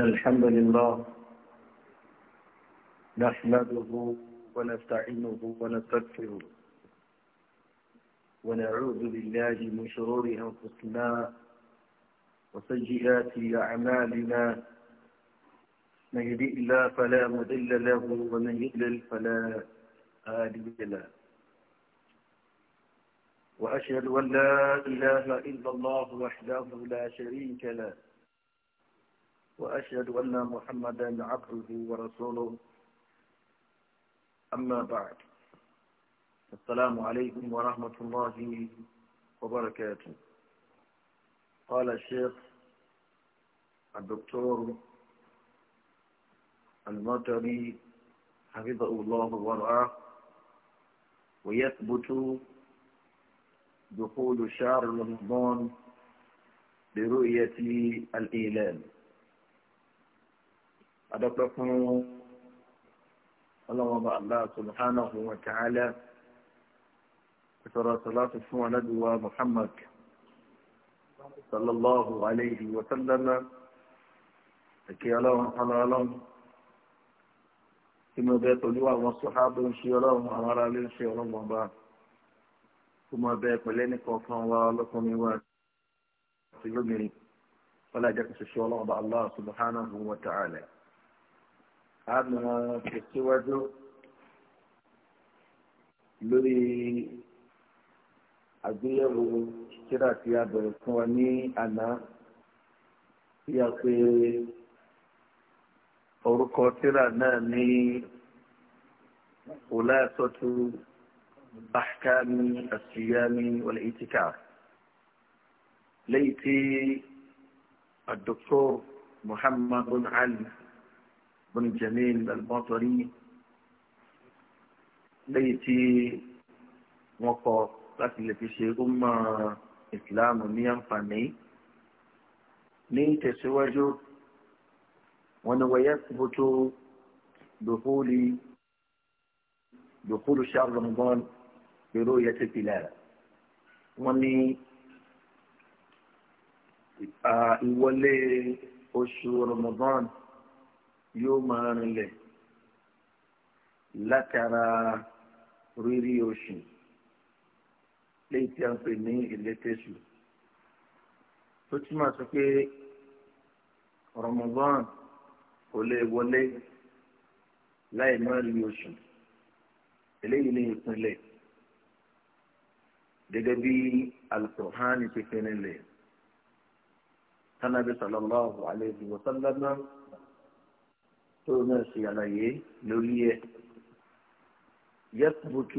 الحمد لله نحمده ونستعينه ونستغفره ونعوذ بالله من شرور أنفسنا وسيئات أعمالنا من يهدئ الله فلا مضل له ومن يضلل فلا هادي له وأشهد أن لا إله إلا الله وحده لا شريك له وأشهد أن محمدا عبده ورسوله أما بعد السلام عليكم ورحمة الله وبركاته قال الشيخ الدكتور المطري حفظه الله ورعاه ويثبت دخول شهر رمضان برؤية الإعلان adọ́pẹ́ fún ọlọ́wọ́n bá Allah subhanahu wa ta'ala ìsọ̀rọ̀ sọ̀láṣù fún anáduwa Muhammad sallallahu alayhi wa sallama ẹ̀kẹ́ ọlọ́run ọlọ́run tí mo bẹ́ pẹ̀lú àwọn sọ̀hábù ń ṣe ọlọ́run àwọn ará ilé ń ṣe ọlọ́run ọba tó mọ bẹ́ pẹ̀lẹ́ nìkan fún wa ọlọ́kùnrin wa àti lómìnirin wọ́n lájẹ́ kò ṣe ṣe ọlọ́run ọba Allah subhanahu wa ta'ala. a máa tẹ̀síwájú lórí àgbéyẹ̀wò kíra tí a bẹ̀rẹ̀ fún wa ní àná tí a pè orúkọ tíra náà ní wùlásọ́tù bàkámi àṣìyámi wal itikaf léyìí tí الدكتور محمد علي بن جميل البصري ليتي وقف لكن في شيء أمة إسلام نيام فاني ní tẹ̀síwájú wọn ni wọ́n yẹ fòtò dòkúlì dòkúlù ṣàrùmọ́n èrò yẹ ti pìlẹ̀ wọn ni ìwọlé oṣù rọmọdán yóò máa rinlẹ̀ látara rírí oṣù léyìí tí a ń pè ní ìlétésù tó túmọ̀ sí pé Ramadan kò lè wọlé láì má rí oṣù eléyìí ní ìpínlẹ̀ gẹ́gẹ́ bí Al-Qur'ani ti fi rinlẹ̀ tánàbí sallallahu alayhi wa sallam náà. tó náà ṣe àlàyé lórí ẹ̀ يثبت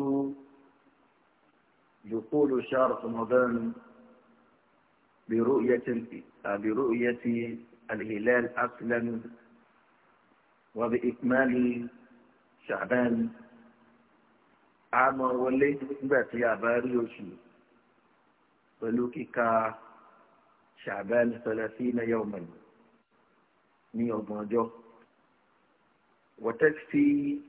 دخول شهر رمضان برؤية برؤية الهلال أصلا وبإكمال شعبان àmọ́ wọlé nígbà tí a bá rí oṣù pẹ̀lú kíka ṣàbẹ́ni sọlẹ́sí náà yọ̀ mọ̀ ní ọgbọ̀n ọjọ́. وتكفي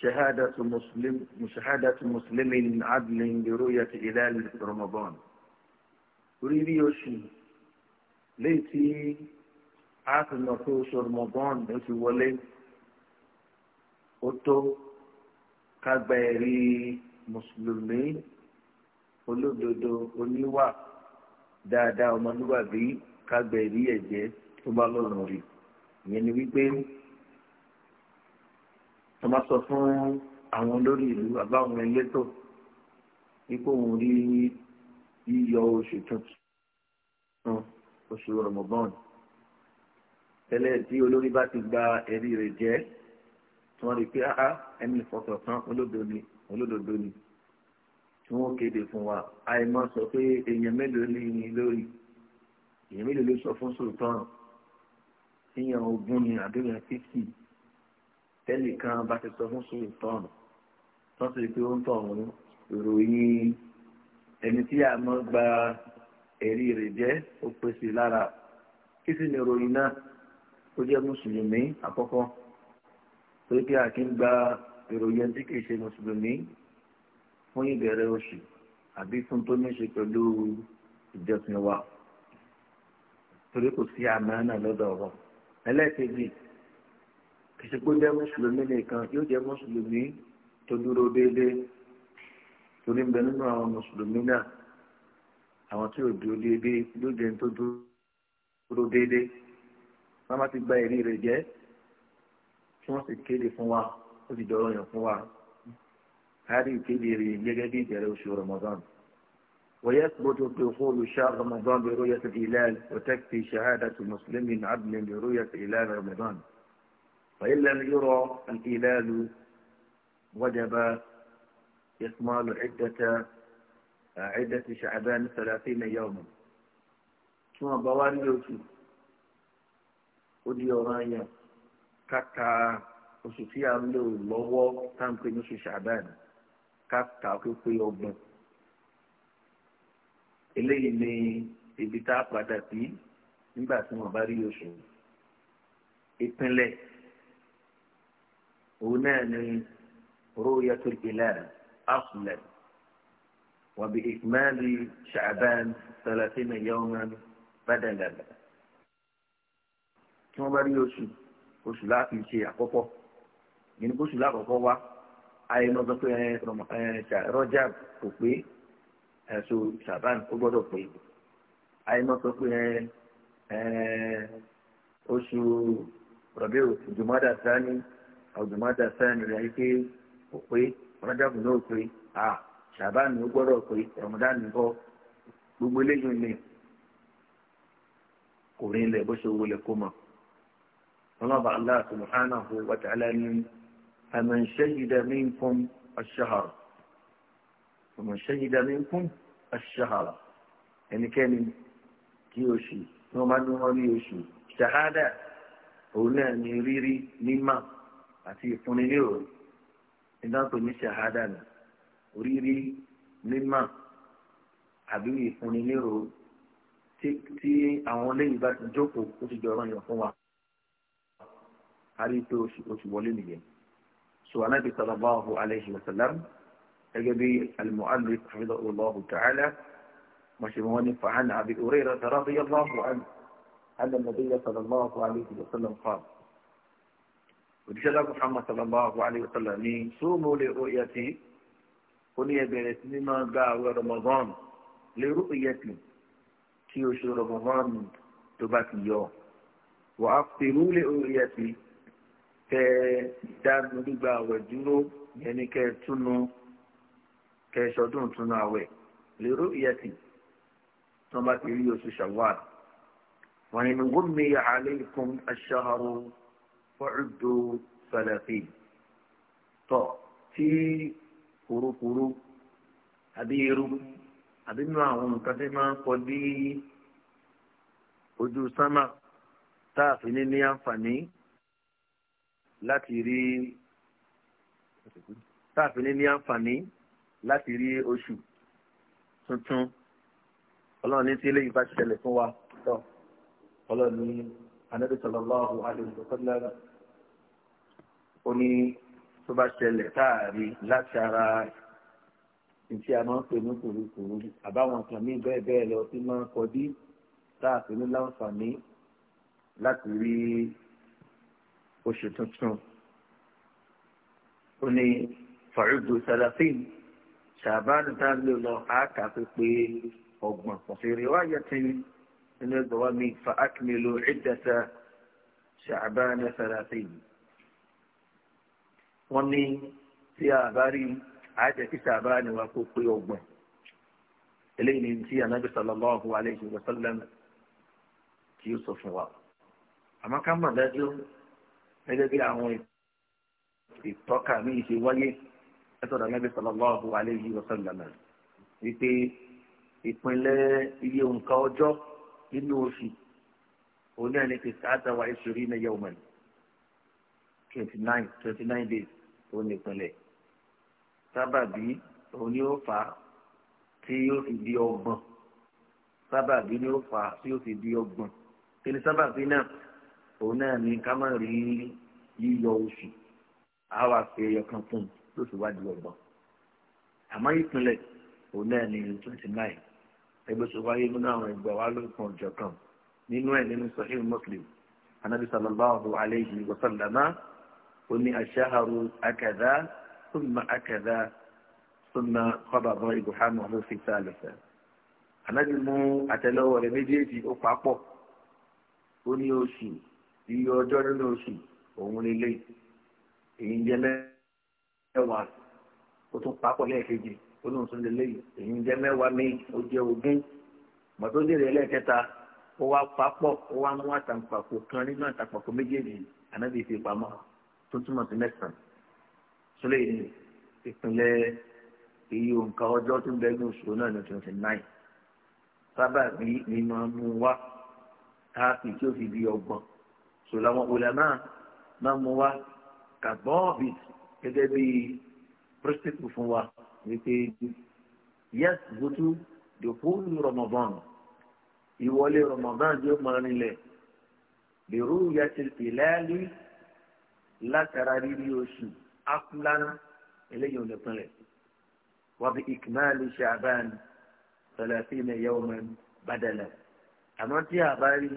شهادة مسلم مشاهدة مسلم عدل برؤية هلال رمضان orírí oṣù léyìí tí a ti mọ̀ pé oṣù Ramadan ló ti wọlé ó tó kágbá ẹ̀rí mùsùlùmí olódodo oníwà dáadáa ọmọlúwàbí kágbá ẹ̀rí ẹ̀jẹ̀ tó bá lọ́rùn rí ìyẹn ni wípé wọ́n bá sọ fún àwọn olórí ìlú àbáwọn elétò ipò òun rí yíyọ oṣù tuntun oṣù rọmọbọ́n tẹ́lẹ̀ tí olórí bá ti gba ẹ̀rí rẹ̀ jẹ́ tí wọ́n rí pé áá ẹni fọ̀tọ̀ tán olódodo ni tí wọ́n kéde fún wa àìmọ́ sọ pé èèyàn mélòó ní ní lórí èèyàn mélòó ló sọ fún sultan tíyan ogún ni àbẹ̀yàn fífì tẹ́nìkan bá ti sọ fún sultan tó ti pé ó ń tọ̀ ọ́n ìròyìn ẹni tí a mọ̀ gba ẹ̀rí rẹ̀ jẹ́ ó pèsè lára kí sì ni ìròyìn náà ó jẹ́ mùsùlùmí àkọ́kọ́ torí pé a kì í gba ìròyìn tí kì í ṣe mùsùlùmí fún ìbẹ̀rẹ̀ oṣù àbí fún tó ní ṣe pẹ̀lú ìjọsìn wa torí kò sí àmánà lọ́dọ̀ ọ̀rọ̀ ẹlẹ́ẹ̀kejì ìsìnkú jẹ́ mùsùlùmí nìkan yóò jẹ́ mùsùlùmí tó dúró déédéé torí ń bẹ nínú àwọn mùsùlùmí náà àwọn tí ò dúró déédéé yóò jẹ́ tó dúró déédéé wọ́n má ti gba ẹ̀rí rẹ̀ jẹ́ tí wọ́n sì kéde fún wa ó ti dọ̀rọ̀ yàn fún wa a ìkéde rẹ̀ gẹ́gẹ́ bí ìbẹ̀rẹ̀ oṣù Ramadan. ويثبت دخول شهر رمضان برؤية الهلال وتكفي شهادة مسلم فإن لم يرى الإلال وجب إكمال عدة عدة شعبان ثلاثين يوما ثم بوان يوتي ودي أورانيا كاكا وسوفيا لو لو تانكو نوشي شعبان كاكا كوكو يوبن eléyìí ni ibi tá a padà sí nígbà tí wọn òun náà ni ru'yatul hilal aslan wa bi ikmali sha'ban thalathina yawman badalan tí wọ́n bá rí oṣù oṣù láti ṣe àkọ́kọ́ nínú oṣù lákọ̀ọ́kọ́ wá ayé lọ sọ pé rọ́jà kò pé ẹ̀sùn ṣàbán ó gbọ́dọ̀ pé ayé lọ sọ pé oṣù rọ̀bì òjòmọ́dà sani ọ̀dùnmọ́dà sáyẹnì rẹ̀ pé kò pé rọ́jàpù náà pé à ṣàbánu ó gbọ́dọ̀ pé rọ̀mọdánù kọ́ gbogbo eléyìí ni kò rí ilẹ̀ bó ṣe wọlé kó mọ̀ ọlọ́ba Allah subhanahu wa ta'ala ni faman shahida minkum ash-shahra faman shahida minkum ash-shahra ẹnikẹ́ni kí oṣù tí wọ́n bá ní wọ́n rí oṣù ṣahada òun náà ni rírí mímọ́. àti ní ìfúnnilérò nígbàpọ̀ ní ṣàhádà nù oríire mímà àbí ìfúnnilérò tí àwọn àwọn lẹ́yìn bá ti jókòó ó ti jọrọ yàn fún wa àrí rí i pé oṣù wọlé nìyẹn so anábì sallallahu alayhi wa sallam gẹ́gẹ́ bí al-mu'allif rahimahullahu ta'ala مشهور فعن أبي هريرة رضي الله عنه أن النبي صلى الله عليه وسلم قال òdíṣẹ́lá muhammad sallallahu alayhi wa sallam ní sóòmù lè ó yẹ ti ó ní ẹbẹ̀rẹ̀ sí ní máa gba àwẹ̀ ramadan lè rú ìyẹ ti kí oṣù ramadan tó bá ti yọ wà á pèrú lè ó yẹ kẹ dánu gbígba àwẹ̀ dúró yẹn kẹ túnú kẹ ṣọdún túnú àwẹ̀ lè rú tó bá ti rí oṣù shawwal wọ́n yìí ni wọ́n mi yà á lè kún aṣáhàrú fọ́ọ̀dù sọ̀dàfì tọ̀ tí kurukuru àbí irú àbí nínú àwọn nǹkan tí máa ń kọ dí ojú sánmà tá a fi ní ní àǹfààní láti rí tá a fi ní ní àǹfààní láti rí oṣù tuntun ọlọ́run ní tí eléyìí bá ṣẹlẹ̀ fún wa tọ́ ọlọ́run ní anabi sallallahu alayhi wa sallam ó ní tó bá ṣẹlẹ̀ káàrí láti ara ntí a máa ń pè ní kùrukùru àbáwọn kan ní bẹ́ẹ̀ bẹ́ẹ̀ lọ tí máa ń kọjú láàfin ní láǹfààní láti rí oṣù tuntun ó ní fàrúgbò sàlàfíìn ṣàbánu tá a lè lọ àákà ọgbọ̀n kò sí tẹ́lẹ̀ nínú ẹgbẹ́ wa mi fa akmilu iddata ṣàbánà salatin wọ́n ní tí a bá rí àjẹ́ tí ṣàbánà wa kó pé ọgbọ̀n eléyìí ni tí anabi sallallahu alayhi wa sallam tí ó sọ fún wa àmọ́ ká mọ̀ dájú gẹ́gẹ́ bí àwọn ìtọ́ka mi ṣe wáyé látọ̀dọ̀ anabi sallallahu alayhi wa sallam wípé ìpínlẹ̀ iye nǹkan ọjọ́ nínú oṣù òun náà ní tìsáàtà wa ìṣòrí ní yawman twenty nine twenty nine days òun nìpínlẹ̀ sábàbí òun ni ó fà á tí yóò fi di ọgbọ̀n sábàbí ni ó fi di ọgbọ̀n kí sábàbí náà òun náà ní ká má rí yíyọ oṣù àwa pé ẹyọ kan fún un lóṣù wájú ọgbọ̀n àmọ́ ìpínlẹ̀ òun náà ní twenty nine ẹgbẹ́ tó wáyé nínú àwọn ìgbà wa lókun ọjọ́ kan nínú ẹ̀ nínú sahih muslim anabi sallallahu alayhi wa sallama ó ní aṣáharu akadá súnmọ́ akadá súnmọ́ kọ́bàbọ̀ ìbùhánu ọ̀hún fi sálẹ̀sẹ̀ anabi mú àtẹ́lẹwọ́ rẹ̀ méjèèjì ó papọ̀ ó ní oṣù iye ọjọ́ nínú oṣù òun lélẹ̀ èyí jẹ́ mẹ́wàá ó tún papọ̀ lẹ́ẹ̀kejì olóhùn tó lélẹ́ yìí èyí ń jẹ́ mẹ́wàá mi ó jẹ́ ogún mọ̀tò lérè ẹlẹ́ẹ̀kẹta ó wá papọ̀ ó wá mú àtàǹpàkò kan nínú àtàǹpàkò méjèèjì ànábì fi pamọ́ tó túmọ̀ sí mẹ́sàn-án sólè ní ìpínlẹ̀ iye òǹkà ọjọ́ tó ń bẹ ní oṣù náà ní twenty nine sábà bí ni máa mú wá káàpì tí ó fi di ọgbọ̀n sòlá wọn ulama máa mú wá kàbọ́ọ̀bì gẹ́gẹ́ bí prostate fún wa wípé yasbutu dukhulu ramadan ìwọlé ramadan yóò máa rinlẹ̀ lèrú yasil ìlẹ́ẹ̀lì látara rírí oṣù afúlán eléyìí ò lè pinlẹ̀ wàbí ìkìmáàlì ṣàbán thalathin yawman badala àmọ́ tí a bá rí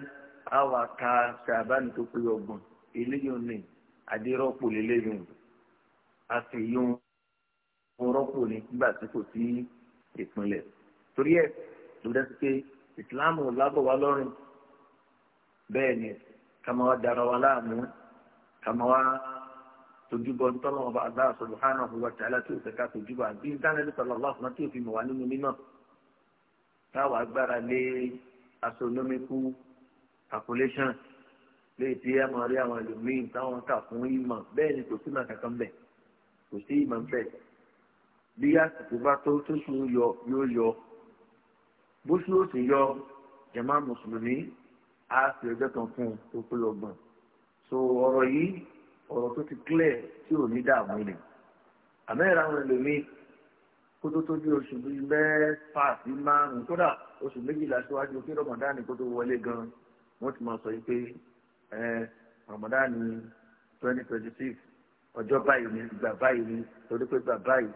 àwa ka ṣàbán tó pé ọgbọ̀n eléyìí ò ní àdérọ́pò lélẹ́yìn àfihàn wọn rọ́pò ní nígbà tí kò sí ìpínlẹ̀ torí ẹ̀ ló dá sí pé ìsìláàmù lábọ̀ wá lọ́rùn bẹ́ẹ̀ ni ká máa wá dara wa láàmú ká máa wá tojúbọ ntọ́nà ọba Allah subhanahu wa ta'ala tí ó fẹ́ ká tojúbọ àbí dánilẹ́ sallallahu alaihi tí ó fi mọ̀ wá nínú mímọ́ táwa gbára lé astronomical calculation lè ti ẹ máa rí àwọn ẹlòmíín táwọn kà fún ìmọ̀ bẹ́ẹ̀ ni kò sí ìmọ̀ kankan bẹ̀ kò sí ìmọ̀ bẹ́ẹ̀ bí àsìkò bá tó tó sùn yọ yóò yọ bó sì ó sì yọ jàmá mùsùlùmí á sì ọjọ́ kan fún un tó pé ọgbọ̀n so ọ̀rọ̀ yìí ọ̀rọ̀ tó ti clear tí ò ní dààmú ni àmẹ́rẹ́ àwọn ẹlòmíì kó tó tó bí oṣù bíi mẹ́fà sí márùn-ún kódà oṣù méjìlá síwájú kí rọmọdánì kó tó wọlé gan-an ti máa sọ yìí pé rọmọdánì twenty twenty six ọjọ́ báyìí ni ìgbà báyìí ni torí pé ìgbà báyìí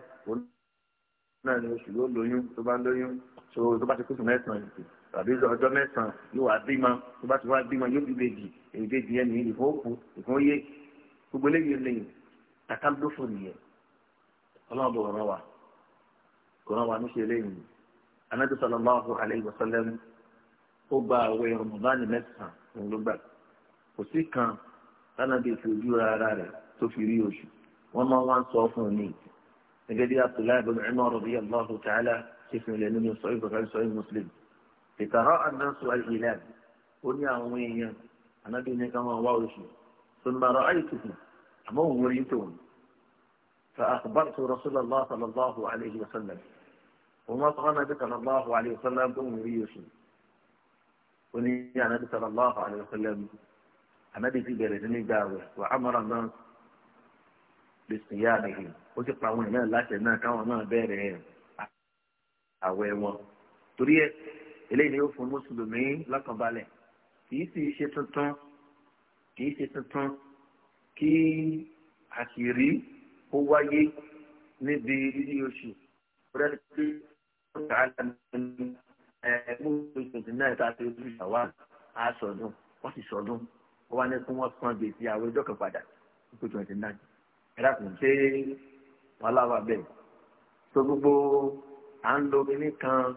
náà ni oṣù yóò lóyún tó bá lóyún so tó bá ti kóso mẹ́sàn-án ìpè tàbí ọjọ́ mẹ́sàn-án yóò wá bímọ tó bá ti wá bímọ yóò bí bèjì èyí bèjì yẹn nìyí ìfowó kù ìfowó yé gbogbo eléyìí lẹ́yìn kàkà lófò nìyẹn ọlọ́run bò rán wa kò rán wa níṣẹ́ eléyìí anájú sallallahu alayhi wa sallam ó gba àwẹ̀ rọmọdánì mẹ́sàn-án òun ló gbà kò sí kan lánàá bí ètò ojú ara rẹ̀ tó fi rí oṣù wọ́n máa wá ń sọ fún un nìyí gẹ́gẹ́ bí abdullahi bin umar rabi allahu ta'ala ṣe fi hàn nínú sọ́yìn bàbáyé sọ́yìn muslim ìtàrọ́ anáṣọ àìlẹ́ ó ní àwọn èèyàn anábì ní ká máa wá oṣù sọmọrọ àìtùkù àmọ́ òun rí tòun fa àkùbárùtù rasulallah sallallahu alayhi wa sallam òun wá sọ́kọ́ anábì sallallahu alayhi wa sallam bó ń rí oṣù ó ní anábì sallallahu alayhi wa sallam anábì ti bẹ̀rẹ̀ sí ní gbààwẹ̀ wà á mọ̀ràn náà lè sìn yá nìyí. ó ti pa àwọn èèyàn láṣẹ náà káwọn náà bẹ̀rẹ̀ àwẹ̀ wọn torí ẹ eléyìí yóò fún mùsùlùmí lọ́kànbalẹ̀ kìí sì ṣe tuntun kìí ṣe tuntun kí àṣírí ó wáyé níbi rírí oṣù rẹ́ni pé ó kà á lẹ́nu ẹ̀ẹ́dẹ́gbọ́n oṣù twenty nine tá a ti ojú ìṣàwá a sọ̀dún wọ́n sì sọ̀dún wọ́n wá ní kí wọ́n san gbèsè àwọn ẹjọ́ kan padà oṣù twenty nine ẹ̀dá kò ń ṣe é wọn láwà bẹ́ẹ̀ so gbogbo à ń lo kíní kan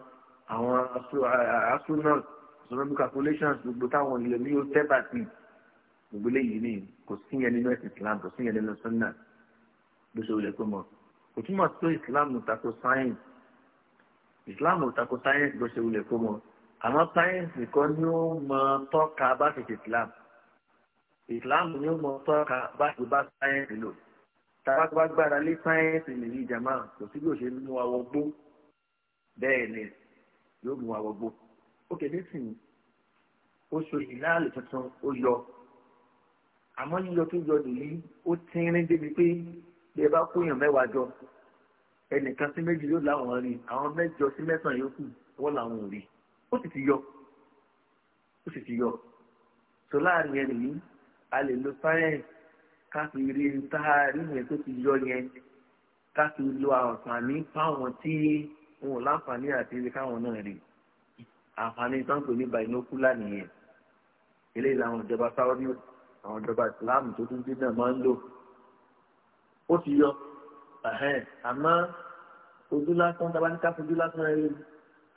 àwọn astronaut astronomical calculations gbogbo táwọn ilẹ̀ ní yóò tẹ́bà sí gbogbo léyìí ni kò sí yẹn nínú ẹ̀sìn Islam kò sí yẹn nínú sunna ló ṣe olè pé mọ́ kò túmọ̀ sí Islam ò tako science Islam ò tako science ló ṣe olè pé mọ́ àmọ́ science nìkan ni ó mọ tọ́ka bá ṣe Islam Islam ni ó mọ tọ́ka bá ṣe bá science lò tá a bá gbára lé sáyẹ́ǹsì nìyí jàmá kò sí bí òṣèlú mú àwọ̀ gbó bẹ́ẹ̀ ni yóò mú àwọ̀ gbó ó kéde sí i ó so ìlàlẹ̀ tuntun ó yọ àmọ́ yíyọ tó yọ nìyí ó tínrín débi pé bí ẹ bá kóyàn mẹ́wàá jọ ẹnìkan sí méjì yóò láwọn rí àwọn mẹ́jọ sí mẹ́sàn-án yòókù wọ́n làwọn ò rí ó sì ti yọ ó sì ti yọ so ẹ nìyí a lè lo sáyẹ́ǹsì káfí rí ń tá a rí yẹn tó ti yọ yẹn káfí lo àǹfààní fáwọn tí wọn ò láǹfààní àti ibi káwọn náà rí àǹfààní tó ń pè ní bàínókúlà nìyẹn eléyìí làwọn ìjọba sáwọ́dí àwọn ìjọba ìsìláàmù tó tún dídàn máa ń lò ó ti yọ àmọ́ ojú lásán tá a bá ní káfí ojú lásán rẹ rí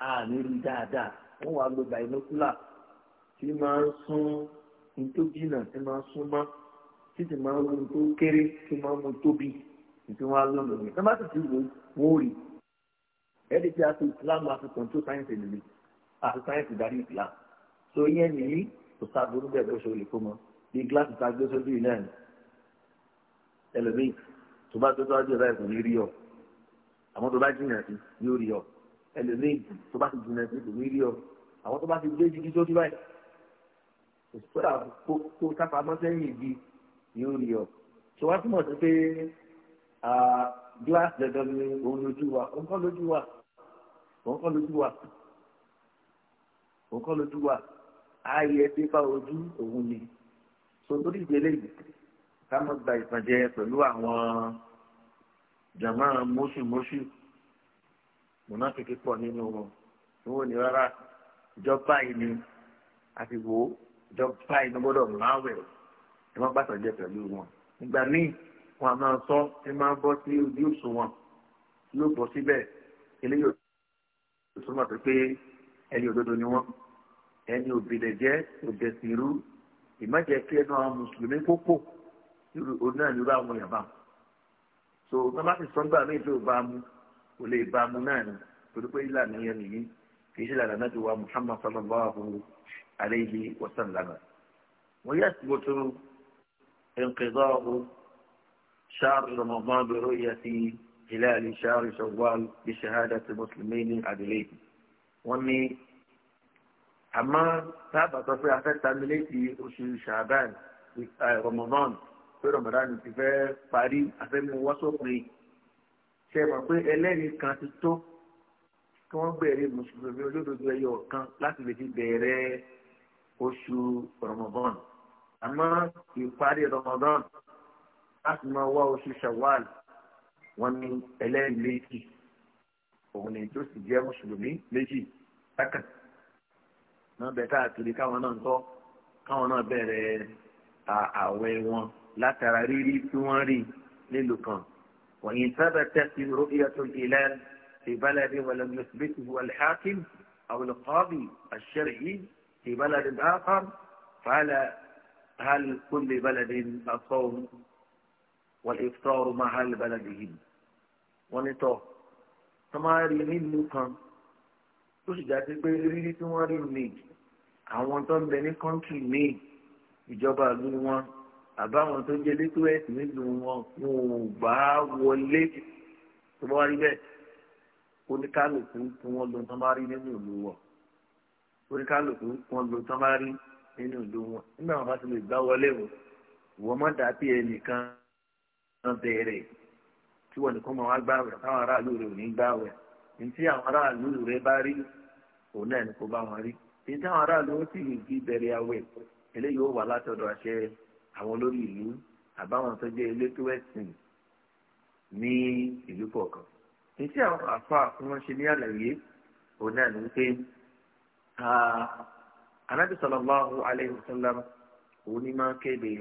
àmì rí dáadáa wọ́n wàá lo bàínókúlà tí máa ń sún ní tó jìnnà tí máa ń sún mọ́ títí máa ń mú tó kéré tí máa ń mú tóbi tí wọ́n á lọ lọ rẹ̀ tọ́mátì tí wò wọ́n rí ẹ̀ẹ́dì tí a fi islam a fi control science nìyí a fi science darí islam so ìyẹn nìyí kò sá burú bẹ́ẹ̀ bó ṣe lè kó mọ́ bí gíláàsì tá a gbé sójú yìí náà ẹlòmíì tó bá tó tó wájú ẹ̀ báyìí kò ní rí ọ àwọn tó bá jìnnà sí yóò rí ọ ẹlòmíì tó bá ti jìnnà sí kò ní rí ọ àwọn tó bá ti gbé jíjí sójú báyìí kò sí pé kó sápamọ́ sẹ́yìn bíi yóò rí ọ ṣe wá túmọ̀ sí pé glass dandan ni òun lójú wa òun kọ́ lójú wa òun kọ́ lójú wa òun kọ́ lójú wa ààyè pépà ojú òun ni so lórí ìgbélé yìí ká mọ̀ gba ìpàdé pẹ̀lú àwọn jàmá mọ́ṣùmọ́ṣù mọ̀nàkìkì pọ̀ nínú wọn níwọ̀n ni rárá ìjọba yìí ni àti ìjọba yìí ni gbọ́dọ̀ máa wẹ̀ ọ́ ẹ má pàtàkì jẹ pẹ̀lú wọn ìgbà míì wọn a máa sọ ẹ máa bọ́ sí ojú òṣùwọ̀n yóò bọ́ síbẹ̀ eléyìí ò túmọ̀ sí pé ẹni òdodo ni wọ́n ẹni òbílẹ̀ jẹ́ òdẹ̀sìnrú ìmájẹ́ kí ẹnu àwọn mùsùlùmí pópò oná ìlú àwọn yàrá so tó bá ti sọ nígbà míì tó bá mu kò lè bá mu náà ni torí pé ìlànà yẹn nìyí kì í ṣe ìlànà náà ti wà Muhammad sallallahu alayhi wa sallam wọ́n yà sí wọ́n tó. انقضاء شهر رمضان برؤية هلال شهر شوال بشهادة المسلمين العدلين واني أما تابع تصريح تتعمليتي أشي شعبان رمضان في رمضان في باري أفهم وصفني ṣe mọ̀ pé ẹlẹ́rìí kan ti tó kí wọ́n bẹ̀rẹ̀ mùsùlùmí olódodo ẹyọ kan رمضان àmọ́ ìparí Ramadan láti máa wá oṣù Shawwal wọn ní ẹlẹ́rìí méjì òun ní tó sì jẹ́ mùsùlùmí méjì sákàn náà bẹ káàkiri káwọn náà ń tọ́ káwọn náà bẹ̀rẹ̀ ààwẹ̀ wọn látara rírí tí wọ́n rí nílùú kan wọ̀nyí sábà tẹ̀sí ru'yatul hilal fi baladin walam yuthbithu al-hakim aw al-qadi al-shar'i fi baladin هل كل بلد الصوم والإفطار مع هل بلدهم ونطو tọ́mọ́ rí nílùú kan tó sì dájú pé rírí tí wọ́n rí méjì àwọn tó ń bẹ ní kọ́ńtì míì ìjọba ìlú wọn àbáwọn tó jẹ́ létò ẹ̀sìn nílùú wọn wọn ò bá wọlé tó bá rí bẹ́ẹ̀ oníkálùkù tí wọ́n lo tọ́mọ́ rí nínú ìlú wọn oníkálùkù tí wọ́n lo tọ́mọ́ rí nínú ìlú wọn nínú ìlú wọn nígbà wọn bá ti lè gbá wọlé o ìwọ má dàbí ẹnìkan náà bẹ̀rẹ̀ tí wọn nìkan máa wá gbàwẹ̀ táwọn aráàlú rẹ ò ní gbàwẹ̀ ntí àwọn aráàlú rẹ bá rí òun náà ní kó bá wọn rí ntí àwọn aráàlú ó sì fi bẹ̀rẹ̀ àwẹ̀ eléyìí ó wà látọ̀dọ̀ àṣẹ àwọn olórí ìlú àbáwọn tó jẹ́ elétò ẹ̀sìn ní ìlú kọ̀ọ̀kan ntí àwọn àfa wọn ní àlàyé òun náà ní pé anabi sallallahu alayhi wa sallam òun ni máa kéde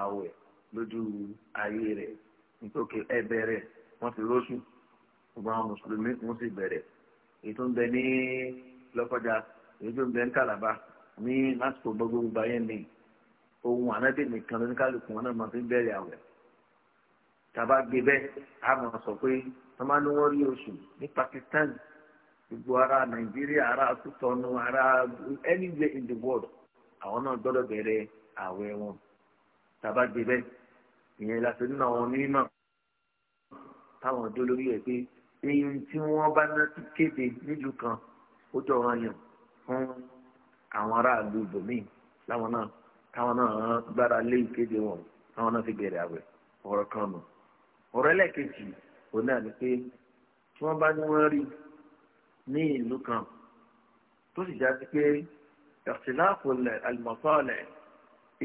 àwẹ̀ lójú ayé rẹ̀ nítorí ẹbẹ̀rẹ̀ wọ́n ti lóṣù gbogbo àwọn mùsùlùmí wọ́n sì bẹ̀rẹ̀ èyí tó ń bẹ ní lọ́kọjá èyí tó ń bẹ ní kàlàbà ní lásìkò gbogbo gbogbo ayé nìyí ohun ànábì nìkan ló ní kálukú wọn náà máa fi bẹ̀rẹ̀ àwẹ̀ tàbá gbé bẹ́ẹ̀ a máa sọ pé wọ́n máa ń wọ́n rí oṣù ní Pakistan gbogbo ara nàìjíríà ara kútọ́nù ara anywhere in the world àwọn náà gbọ́dọ̀ bẹ̀rẹ̀ ààwẹ̀ wọn tàbá dé bẹ́ẹ̀ ìyẹn láti nínú àwọn onímọ̀ táwọn ọdún lórí ẹ̀ pé eyín tí wọ́n bá ná ti kéde nílùú kan ó jọ wọn yàn fún àwọn aráàlú ibòmíì láwọn náà táwọn náà gbára lé ìkéde wọn táwọn náà fi bẹ̀rẹ̀ ààwẹ̀ ọ̀rọ̀ kan nù ọ̀rọ̀ ẹlẹ́ẹ̀kejì òun náà ni pé tí wọ́n bá ní wọ́n rí i ní ìlú kan tó sì já sí pé ẹ̀sìnláàpù àlùmọ̀sọ́ọ̀lẹ̀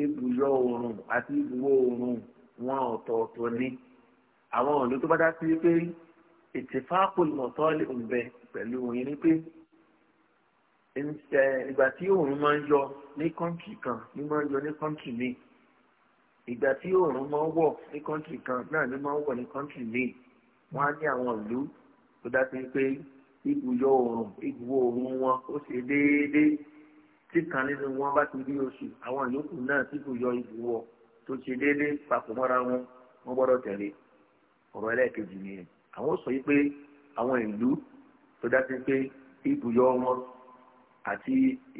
ibùyọ oòrùn àti ibùwọ̀ oòrùn wọn ọ̀tọ̀ọ̀tọ̀ ni àwọn ìlú tó bá dá sí pé ìtìfáàpù àlùmọ̀sọ́ọ̀lẹ̀ ń bẹ pẹ̀lú òyìn ni pé ìgbà tí oòrùn máa ń yọ ní kọ́ńtì kan ní máa ń yọ ní kọ́ńtì míì ìgbà tí oòrùn máa ń wọ̀ ní kọ́ńtì kan náà ní máa ń wọ̀ ní kọ́ńtì míì wọ́n á ní àwọn ìlú tó dá sí pé ibùyọ oòrùn ibùwọ̀ oòrùn wọn ó ṣe déédéé tí kan nínú wọn bá ti rí oṣù àwọn ìyókù náà tí ibùyọ ibùwọ̀ tó ṣe déédéé papọ̀ mọ́ra wọn wọ́n gbọ́dọ̀ tẹ̀lé ọ̀rọ̀ ẹlẹ́ẹ̀kejì nìyẹn àwọn sọ yìí pé àwọn ìlú tó dá sí pé ibùyọ wọn àti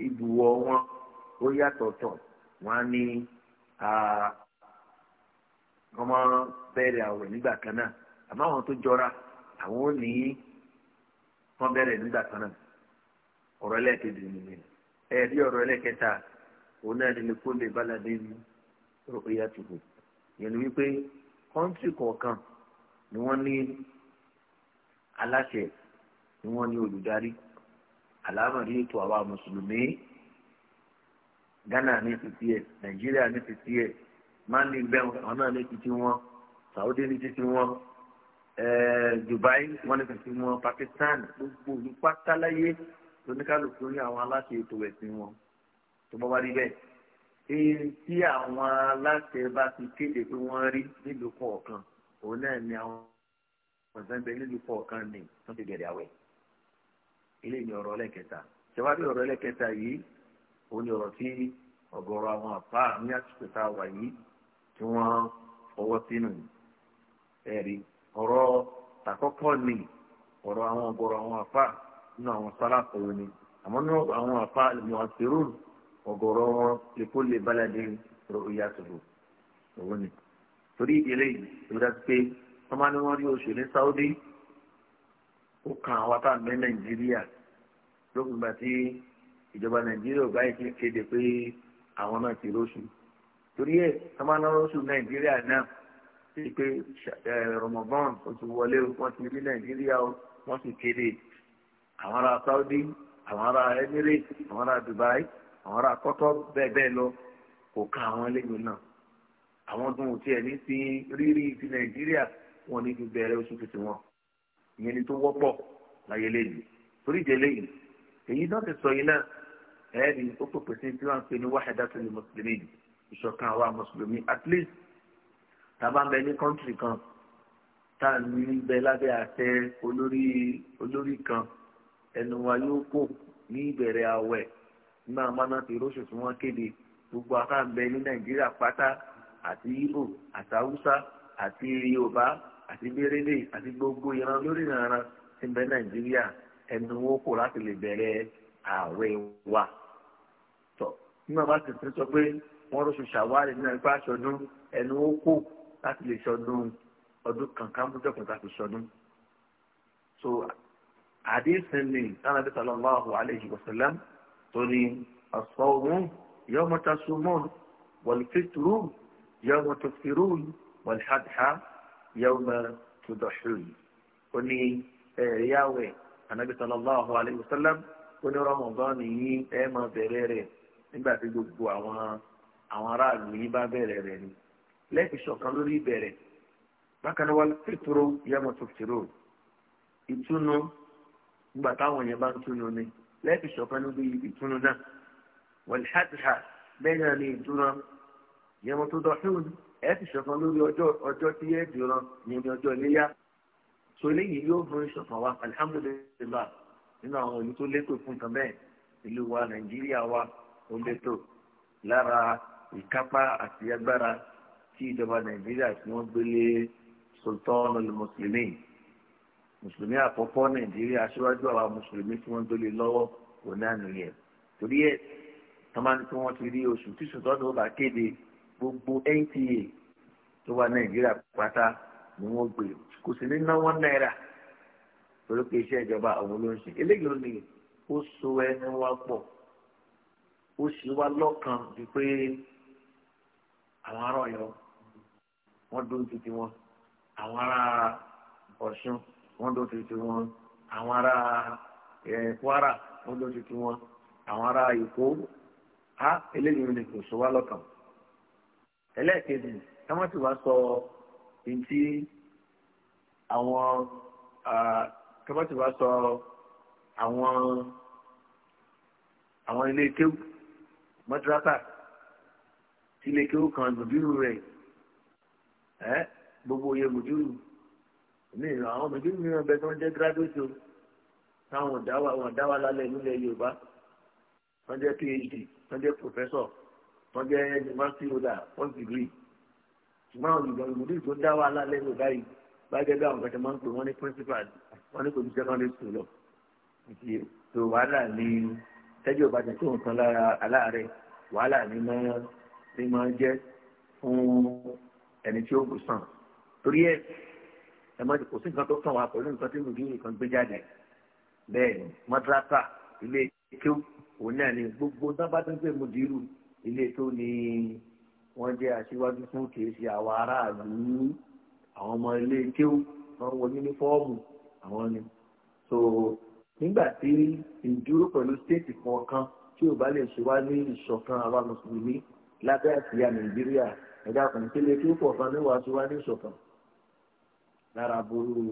ibùwọ̀ wọn ó yàtọ̀tọ̀ wọn á ní ọmọ bẹ̀rẹ̀ àwẹ̀ nígbà kan náà àmọ́ àwọn tó jọra àwọn ò ní í wọ́n bẹ̀rẹ̀ nígbà kan náà ọ̀rọ̀ ẹlẹ́ẹ̀kejì nìyẹn ẹ̀rí ọ̀rọ̀ ẹlẹ́ẹ̀kẹta òun náà nílé kó lè bálàdé ní rògbòyà tìbò yẹn ni wípé kọ́ńtì kọ̀ọ̀kan ni wọ́n ní aláṣẹ ni wọ́n ní olùdarí àlámọ̀rí ètò àwa mùsùlùmí Ghana ní títí ẹ̀ Nàìjíríà ní títí ẹ̀ Mali bẹ́ẹ̀ wọn ní títí wọn Saudi ní títí wọn. Eh, Dubai wọ́n ní kàtí wọn Pakistan gbogbo òní pátáláyé lóníkàlùkù ní àwọn aláṣẹ ètò ẹ̀sìn wọn tó bá wá rí bẹ́ẹ̀ èyí tí àwọn aláṣẹ bá ti kéde pé wọ́n rí nílùú kọ̀ọ̀kan òun náà ni àwọn ọ̀sẹ̀ǹbẹ̀ nílùú kọ̀ọ̀kan ni wọ́n ti bẹ̀rẹ̀ àwẹ̀ ilé ni ọ̀rọ̀ ẹlẹ́kẹta ṣèwádìí ọ̀rọ̀ ẹlẹ́kẹta yìí òun ni ọ̀rọ̀ tí ọ̀gọ̀rọ̀ àwọn àpá ní àtúntò tá a wà yìí tí wọ́n fọwọ́ sínú ẹ̀rí ọ̀rọ̀ tàkọ́kọ́ ni ọ̀rọ̀ àwọn ọ̀gọ̀rọ̀ àwọn àfa nínú àwọn sálàfù ni àmọ́ nínú àwọn àfa mọ̀ọ́sẹ̀rù ọ̀gọ̀rọ̀ wọn epo lè balàdé rọ ìyá tòló òun ni torí eléyìí ló dá sí pé wọ́n máa ní wọ́n rí oṣù ní Saudi ó kan àwọn tá à ń bẹ Nàìjíríà lókun ìgbà tí ìjọba Nàìjíríà ò báyìí ti kéde pé àwọn náà ti róṣù torí ẹ̀ wọ́n máa ń lọ róṣù Nàìjíríà náà sí pé Ramadan ó ti wọlé wọ́n ti rí Nàìjíríà wọ́n sì kéde àwọn ará Saudi àwọn ará Emirates àwọn ará Dubai àwọn ará kọ́tọ́ bẹ́ẹ̀ bẹ́ẹ̀ lọ kò ká àwọn lẹ́yìn náà àwọn tó ń tiẹ̀ ní ti rírí ti Nàìjíríà wọn ní fi bẹ̀rẹ̀ oṣù tuntun wọn ìyẹn ni tó wọ́pọ̀ láyé lẹ́yìn torí ìdílé yìí èyí náà ti sọ yìí náà ẹ̀ẹ́dì ó pèpè sí tí wọ́n ń pè ní wahdatul muslimin ìṣọ̀kan àwa mùsùlùmí at least tàbá ń bẹ ní kọ́ńtìrì kan tá à ń bẹ lábẹ́ àtẹ olórí olórí kan ẹnu wa yóò kò ní ìbẹ̀rẹ̀ àwẹ̀ nínú àwọn máná ti róṣù tí wọ́n kéde gbogbo aká ń bẹ ní nàìjíríà pátá àti ibo àti haúsá àti yorùbá àti bérélè àti gbogbo ìran lórí ìran ti bẹ nàìjíríà ẹnu wo kò láti lè bẹ̀rẹ̀ àwẹ̀ wa tọ́ nínú àwọn bá ti sọ pé wọ́n róṣù ṣàwárí nínú ẹgbẹ́ aṣọ́dún ẹnu wo kò láti lè sọdún ọdún kankan mú jọ̀pọ̀ láti sọdún. so àdéhùn ni sanabi sallallahu alayhi wa sallam tó ní as-sawmu yawma tasumun wal-fitru yawma tuftirun wal-hadha yawma tudahhun. ó ní ẹ̀ẹ́dẹ́yàwẹ̀ anabi sallallahu alayhi wa sallam ó ní rọmọdán yìí ẹ máa bẹ̀rẹ̀ rẹ̀ nígbà tí gbogbo àwọn àwọn aráàlú yìí bá bẹ̀rẹ̀ rẹ̀ ni lẹ́ẹ̀fi ṣọ̀kan lórí ìbẹ̀rẹ̀ bákan wá pétró yẹmọ tòkìtìrò ìtúnu nígbà táwọn yẹn bá ń túnu ni lẹ́ẹ̀fi ṣọ̀kan lórí ìtúnu náà wàlíhàtìhà bẹ́ẹ̀ náà ni ìdúná yẹmọ tó dọ̀tún ẹ fi ṣọ̀kan lórí ọjọ́ tí yẹ dúró yẹn ní ọjọ́ iléyà so eléyìí yóò fún ìṣọ̀kan wa alihamudulilayi nínú àwọn ìlú tó létò fún nǹkan bẹ́ẹ̀ ìlú wa nàìjíríà wa ó létò lára ìkápá àti agbára tí ìjọba nàìjíríà tí wọ́n gbélé sultan olùmùsùlùmí mùsùlùmí àkọ́kọ́ nàìjíríà aṣíwájú àwa mùsùlùmí tí wọ́n gbélé lọ́wọ́ kò náà nìyẹn torí ẹ̀ wọ́n máa ń tí wọ́n ti rí oṣù tí sultan ọba kéde gbogbo nta tó wà nàìjíríà pátá ni wọ́n gbé kò sì ní náwó náírà torí pé iṣẹ́ ìjọba àwọn ló ń ṣe eléyìí ni ó so ẹnu wa pọ̀ ó sì wá lọ́kàn ju pé àwọn ará ọ̀yọ́ wọ́n dó ti ti wọn àwọn ará Ọ̀ṣun wọ́n dó ti ti wọn àwọn ará Kwara wọ́n dó ti ti wọn àwọn ará Èkó á eléyìí ni kò sọ wá lọ́kàn ẹlẹ́ẹ̀kejì táwọn ti wá sọ ntí àwọn táwọn ti wá sọ àwọn àwọn ilé kéwù mọ́tíráta ilé kéwù kan gbòdúrú rẹ̀ ẹ gbogbo oyè mùdúrù mi ràn àwọn mùdúrù mìíràn bẹ tó ń jẹ gírádùtù táwọn dáwà wọn dáwà lálẹ́ nílẹ̀ Yorùbá wọn jẹ PhD wọn jẹ professor wọn jẹ university holder one degree ṣùgbọ́n àwọn ìgbà mùdúrù tó ń dáwà lálẹ́ Yorùbá yìí bá gẹ́gẹ́ àwọn kẹtẹ máa ń pè wọ́n ní principal wọ́n ní kò ní secondary school lọ tó wàhálà ní tẹ́jú ọba jẹ́ tóun kan lára aláàárẹ̀ wàhálà ní máa ń jẹ́ fún ẹni tí ó bù sàn torí ẹ ẹ má kò sí nǹkan tó kàn wá pẹ̀lú nǹkan tí mùdírì nǹkan gbé jáde bẹ́ẹ̀ ni madrasa ilé kéwù òun náà ni gbogbo dábàá tó ń pè mùdírù ilé tó ní wọ́n jẹ́ aṣíwájú fún kìí ṣe àwọn aráàlú àwọn ọmọ ilé kéwù wọ́n wọ yúnífọ́ọ̀mù àwọn ni so nígbà tí ìdúró pẹ̀lú stéètì kọ̀ọ̀kan tí ò bá lè ṣe wá ní ìṣọ̀kan àwa mùsùlùmí lábẹ́ àsíá nàìjíríà ẹ̀dá kùnú kí lè kí ó pọ̀ kan ló wà sí wá ní ìṣọ̀kan lára burú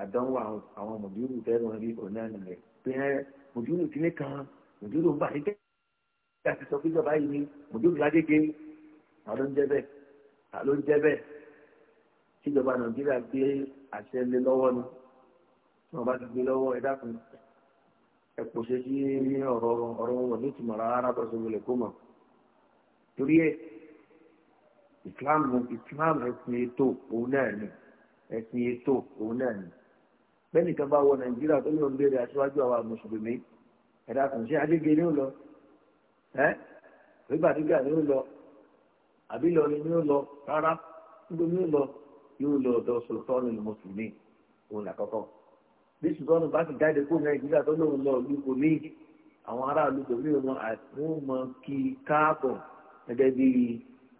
àdánwò àwọn mòdúrù tẹ́wọ̀n rí ọ̀nà rẹ̀ pé ẹ mòdúrù kíní kan mòdúrù ń bà ní kẹ́kẹ́ àti sọ fún ìjọba yìí ni mòdúrù ládéke àló ń jẹ́ bẹ́ẹ̀ àló ń jẹ́ bẹ́ẹ̀ tíjọba nàìjíríà gbé àṣẹ lé lọ́wọ́ ni tí wọ́n bá ti gbé lọ́wọ́ ẹ̀dá kùnú ẹ̀pọ̀ ṣe sí ọ̀rọ̀ ọ̀rọ̀ wọn ní ìtumọ̀ rárá islam islam ẹ̀sìn ètò òun náà ni ẹ̀sìn ètò òun náà ni bẹ́ẹ̀ nìkan bá wọ nàìjíríà tó lóun béèrè aṣíwájú àwa mùsùlùmí ẹ̀dá kan ṣe adége ni ó lọ ẹ́ ìgbàdúgbà ni ó lọ àbí lọrin ni ó lọ rárá níbo ni ó lọ yóò lọ ọ̀dọ̀ sọ̀tọ́ọ̀nù mùsùlùmí òun làkọ́kọ́ bí sùtọ́ọ̀nù bá ti jáde kó nàìjíríà tó lóun lọ lóko ní àwọn aráàlú tòun ní ìwọn àti wọn mọ kí káàbọ̀ gẹ́gẹ́ bíi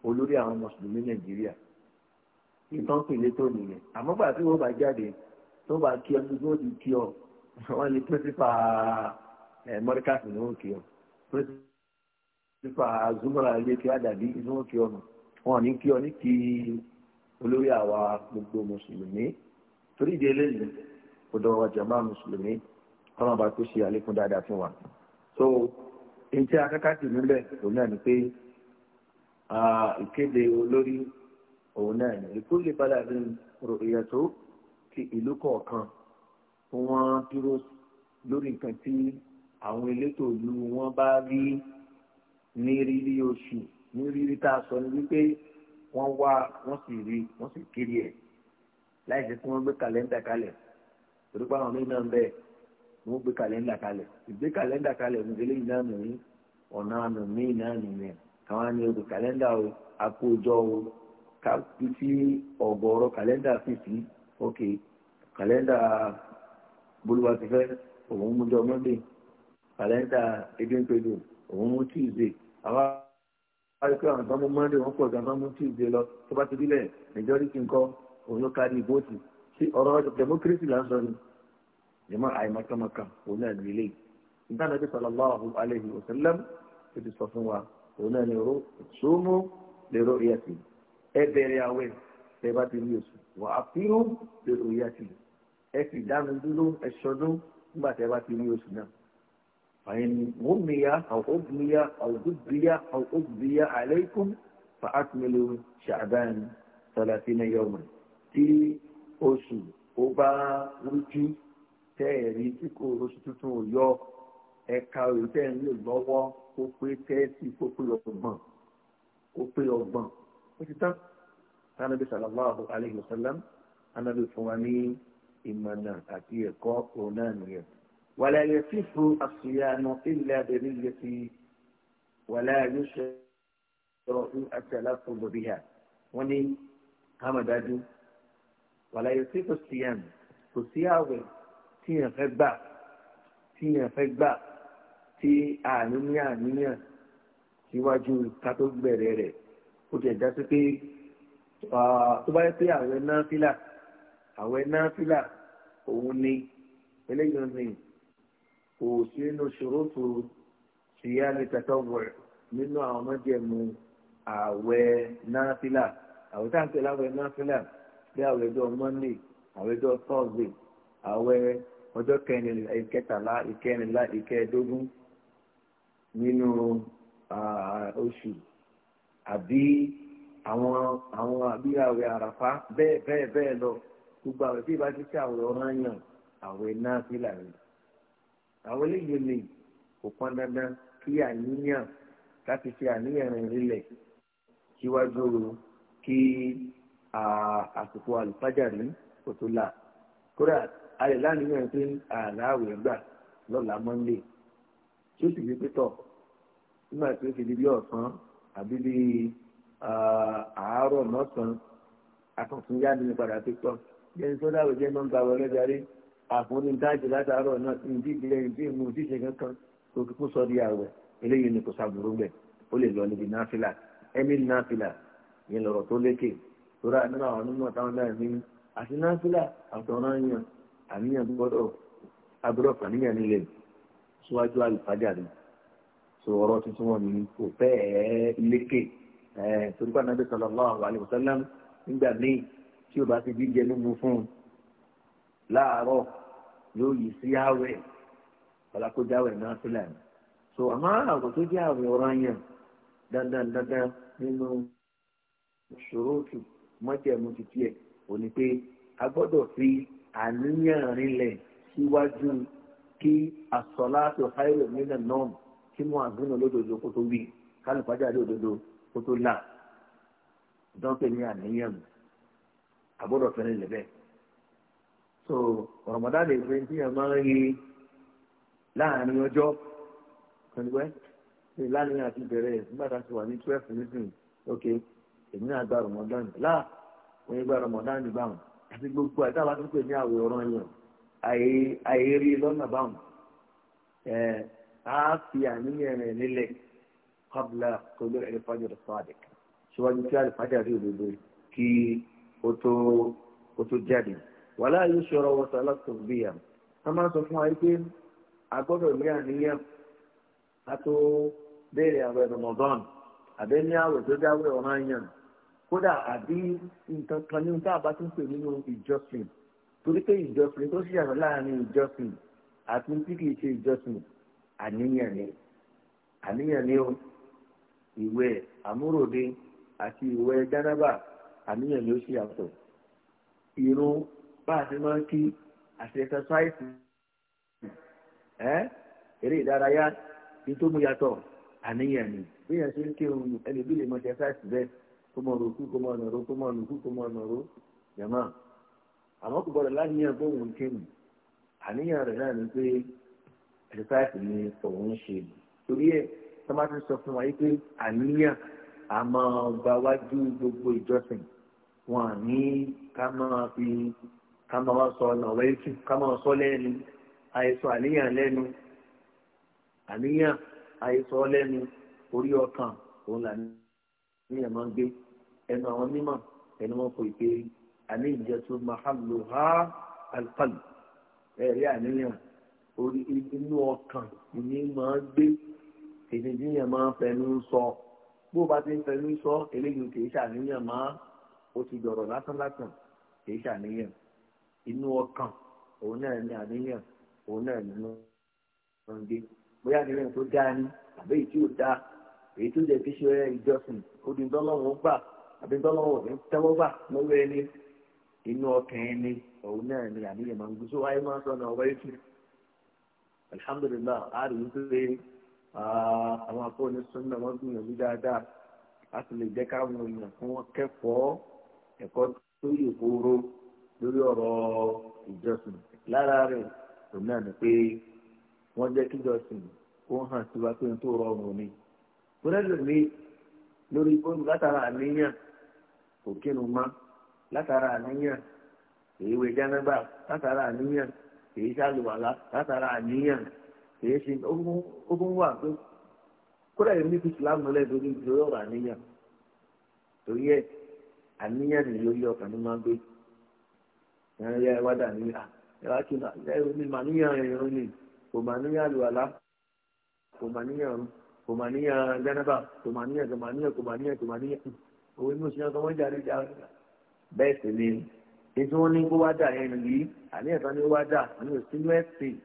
olórí àwọn mùsùlùmí nàìjíríà ìtàn pèlè tó nìyẹn àmọ́ gbà tí wọ́n bá jáde tó bá kí ọ gbogbo ti kí ọ wọ́n lè pírísípà mọ́ríkàsì ni wọ́n kí ọ pírísípà zumara ilé kí àdàbí ni wọ́n kí ọ nù wọn ní kí ọ ní kí olórí àwa gbogbo mùsùlùmí torí ìdí eléyìí kò dọ̀wọ́ jàmá mùsùlùmí ọlọ́run tó ṣe àlékún dáadáa fún wa so èyí tí akáká sì nílẹ̀ òun náà ni ìkéde olórí òun náà ní ìkúlẹ̀ padà ní ròyìn tó ti ìlú kọ̀ọ̀kan tí wọ́n dúró lórí nǹkan tí àwọn elétò ìlú wọn bá rí ní rírí oṣù ní rírí tá a sọ ni wípé wọ́n wá wọ́n sì rí wọ́n sì kiri ẹ̀ láì jẹ́ kí wọ́n gbé kàlẹ́ńdà kalẹ̀ torí pé àwọn oníná ń bẹ̀ wọ́n gbé kàlẹ́ńdà kalẹ̀ ìgbé kàlẹ́ńdà kalẹ̀ ní eléyìí náà nìyí ọ̀nà àmì míì náà nìyẹn àwọn àni odò kàlẹ́ndà o àkójọ o ká fi sí ọ̀gọ̀ọ̀rọ̀ kàlẹ́ndà sì sí ok kàlẹ́ndà bolúwa ti fẹ́ òun mú jọ monday kàlẹ́ndà edinpedo òun mú tuesday àwọn àríkọ́ àwọn tó mú monday wọ́n pọ̀ jù àwọn mú tuesday lọ tó bá ti dílẹ̀ majority nǹkan òun ló kárí ìbòtì sí ọ̀rọ̀ democracy là ni jẹ́mọ́ àìmọ̀kànmọ̀kàn òun náà nílé ìdáná bí sallallahu alayhi wa sallam òun náà ni ọ̀rọ̀ sómú lèrò ìyàtì ẹ bẹ̀rẹ̀ àwẹ̀ ẹ bá ti rí oṣù wà á fírú lèrò ìyàtì ẹ sì dánu dúró ẹ ṣọdún nígbà tí ẹ bá ti rí oṣù náà. فإن غمي أو أغمي أو غبي أو أغبي عليكم فأكملوا شعبان ثلاثين يوما tí oṣù ó bá rújú tẹ́ẹ̀rí tí kò oṣù tuntun ò yọ ẹ̀ka òyìnbó tẹ́ẹ̀rí lọ́wọ́ kó pé tẹ́ẹ̀sì kó pé ọgbọ̀n kó pé ọgbọ̀n ó ti tán anabi sallallahu alayhi wa sallam anabi fún wa ní ìmọ̀nà àti ẹ̀kọ́ òun náà nìyẹn. wàlẹ́ yẹ fífo àṣìyànà ilẹ̀ abẹ́rẹ́ yẹ fi wàlẹ́ ayé ṣe sọ̀rọ̀ fún àtàlà fún bòbí ha wọ́n ní hàmàdájú wàlẹ́ yẹ fífo àṣìyànà kò sí àwẹ̀ tíyàn fẹ́ gbà tíyàn fẹ́ gbà tí àní ní àníyàn síwájú ká tó bẹ̀rẹ̀ rẹ̀ ó jẹ́ ìjà sí pé tó bá yẹ pé àwẹ̀ náà fílà àwẹ̀ náà fílà òun ni eléyìí ni kò sí nínú ṣòro tó ṣìyá ní tàtọ́wọ̀ nínú àwọn ọmọdéẹ̀mú àwẹ̀ náà fílà àwẹ̀ tá à ń pè láwẹ̀ náà fílà bí àwẹ̀ ọjọ́ Monday àwẹ̀ ọjọ́ Thursday àwẹ̀ ọjọ́ kẹrìnlá ìkẹtàlá ìkẹrìnlá ìkẹẹ̀dógún nínú oṣù àbí àwọn àwọn àbíyàwé àràfá bẹ́ẹ̀ bẹ́ẹ̀ bẹ́ẹ̀ lọ gbogbo àwẹ̀ tí ìbá ti ṣe àwẹ̀ ọ̀ràn yàn àwẹ̀ náà sí làwọn àwọn eléyìí ni kò pọn dandan kí àníyàn láti ṣe àníyàn rìn rílẹ̀ síwájú kí àsìkò àlùfájàrí kò tó là kódà alẹ́ láàrin yàn pé àlàáwẹ̀ gbà lọ́la mọ́ndé tí ó sì rí pétọ̀ nígbà tí ó fi di bí ọ̀sán àbí bí àárọ̀ lọ́sàn-án àtúntúnyá ni padà pétọ̀ jẹ́ni tó dáwọ̀ jẹ́ máa ń ba wọlé darí àfúnni dájú látàárọ̀ náà tí ìdí ìdílé ìdí ìmú ìdíje kankan tó kíkú sọ di àwẹ̀ eléyìí ni kò sàbùrù gbẹ̀ ó lè lọ níbi náfìlà ẹ̀mí náfìlà yẹn lọ̀rọ̀ tó lékè tóra nínú àwọn nínú àtàwọn náà ní àti náfìlà àtọ̀ràn yàn àníyàn gbọ́dọ̀ àbúrò fàníyàn nílẹ̀ yìí síwájú àlùfáàjà rẹ̀ so ọ̀rọ̀ tuntun wọn ni kò fẹ́ ẹ̀ lékè ẹ̀ torí pé Ànábì sallallahu alaihi wasallam nígbà míì tí o bá ti jíjẹ nínú fún un láàárọ̀ yóò yí sí àwẹ̀ ọ̀làkójá àwẹ̀ náà sílẹ̀ so àmọ́ àwọn tó jẹ́ àwẹ̀ ọ̀rọ̀ yẹn dandan dandan nínú ṣòro tù mọ́jẹ̀mú ti tiẹ̀ òní pé a gbọ́dọ̀ fi àníyàn rinlẹ̀ síwájú kí àsọlá tó háìlò nílẹ̀ náà kí mú àgbínà lódodo kó tó wí kálù fájà lódodo kó tó là dọ́pẹ́ ní àníyàn àgbọ̀dọ̀ fẹ́rẹ́ lẹ́bẹ̀. so Ramadan lè fi tí yẹn máa ń rí láàrin ọjọ́ kọ́nigbẹ́ ṣe láàrin àti bẹ̀rẹ̀ nígbà tá a ti wà ní twelve nísìn ok èmi náà gba Ramadan láà wọ́n yẹ gba Ramadan báwọn àti gbogbo àti àwọn àti ní àwòrán yẹn àìrí lọ́nà báwọn ẹ̀ á fi àníyàn rẹ̀ nílẹ̀ kọ́bùlà pẹ̀lú ẹ̀rẹ́fàjọ́ sọ́ọ̀dẹ̀ síwájú tí àlùfájà rí òdodo kí ó tó jáde wàhálà yóò ṣọ̀rọ̀ wọ́n sọ aláṣọ bí yà wọ́n máa ń sọ fún wa pé a gbọ́dọ̀ ní àníyàn a tó béèrè àwọn ẹ̀rọ̀mọ̀gán àbẹ́ ní àwẹ̀ tó dáwẹ̀ ọ̀ràn yàn kódà àbí nǹkan kan ní tá a bá tún pè nínú ìjọsìn torí pé ìjọsìn tó sì yàtọ̀ láàrin ìjọsìn àti tí kìí ṣe ìjọsìn àníyàn ni àníyàn ni ó ìwẹ̀ àmúròde àti ìwẹ̀ jánábà àníyàn ni ó sì yàtọ̀ irun bá a ti máa ń kí àti ẹsẹsáìsì ẹ eré ìdárayá ní tó mú yàtọ̀ àníyàn ni bí yẹn ṣe ń kírun ẹni bí lè mọ ẹsẹsáìsì bẹ́ẹ̀ kó mọ ọ̀rọ̀ kú kó mọ ọ̀nà ọ̀rọ̀ kó mọ ọ̀nà ọ̀rọ̀ kó mọ ọ̀nà ọ̀rọ̀ jẹ̀mọ́ àmọ́ kò gbọ́dọ̀ láníyàn pé òun kéwù àníyàn rẹ̀ náà ni pé ẹ̀sìtáìsì ni òun ń ṣe torí ẹ̀ tó máa ti sọ fún wa yìí pé àníyàn a máa gba wájú gbogbo ìjọsìn wọn àní ká máa fi ká máa wá sọ ọ̀nà ọ̀wẹ́ tù ká máa sọ lẹ́nu àìsàn àníyàn lẹ́nu àníyàn àìsàn lẹ́nu orí ọkàn òun là máa ń gbé ẹnu àwọn mímọ̀ ẹnu wọn kò ì àníjẹtu mahaluha alqalb ẹ̀rí àníyàn orí inú ọkàn ìní máa gbé èdè níyàn máa fẹnu sọ bó bá ti ń fẹnu sọ eléyìí kì í ṣàníyàn máa ó ti dọ̀rọ̀ lásánlásán kì í ṣàníyàn inú ọkàn òun náà ní àníyàn òun náà nínú ọ̀hún gbé bóyá àníyàn tó dáa ni àbí èyí tí ò dáa èyí tó jẹ́ kí ṣe ìjọsìn ó di gbà àbí dọ́lọ́wọ́ tẹ́wọ́ gbà lọ́wọ́ ẹni inú ọkàn ẹni òun náà ni àníyàn máa ń gbé so ayé máa ń sọ náà wáyé tù alihamudulilayi a rí wípé àwọn afọ́ni súnmọ́ wọn gbìyànjú dáadáa láti lè jẹ́ káwọn èèyàn kí wọ́n kẹ́kọ̀ọ́ ẹ̀kọ́ tó yè kóró lórí ọ̀rọ̀ ìjọsìn lára rẹ̀ òun náà ni pé wọ́n jẹ́ kíjọsìn kó hàn sí wa pé n tó rọrùn ni. kúrẹ́lù mi lórí bóńdù látara àníyàn kò látara àníyàn èyí wẹ jẹnẹba látara àníyàn èyí sálùwàlá látara àníyàn èyí ṣe ogun wà pé kódà yìí ní kí islam lẹ lórí ìdúró ọ̀rọ̀ àníyàn torí ẹ àníyàn ni lórí ọkàn ní máa gbé ìrìn yá ẹwà dà ní à ẹwà kí ẹ ní màníyàn ẹ̀rọ ni kò màníyàn àlùwàlá kò màníyàn ọ̀run kò màníyàn jẹnẹba kò màníyàn kò màníyàn kò màníyàn kò màníyàn òun ni mo ṣe ọkọ wọn jáde jáde bẹ́ẹ̀ sì ni ètò wọn ní kó wá dà ẹnu yìí àní ẹ̀sán ni ó wá dà ní òsínú ẹ̀sìn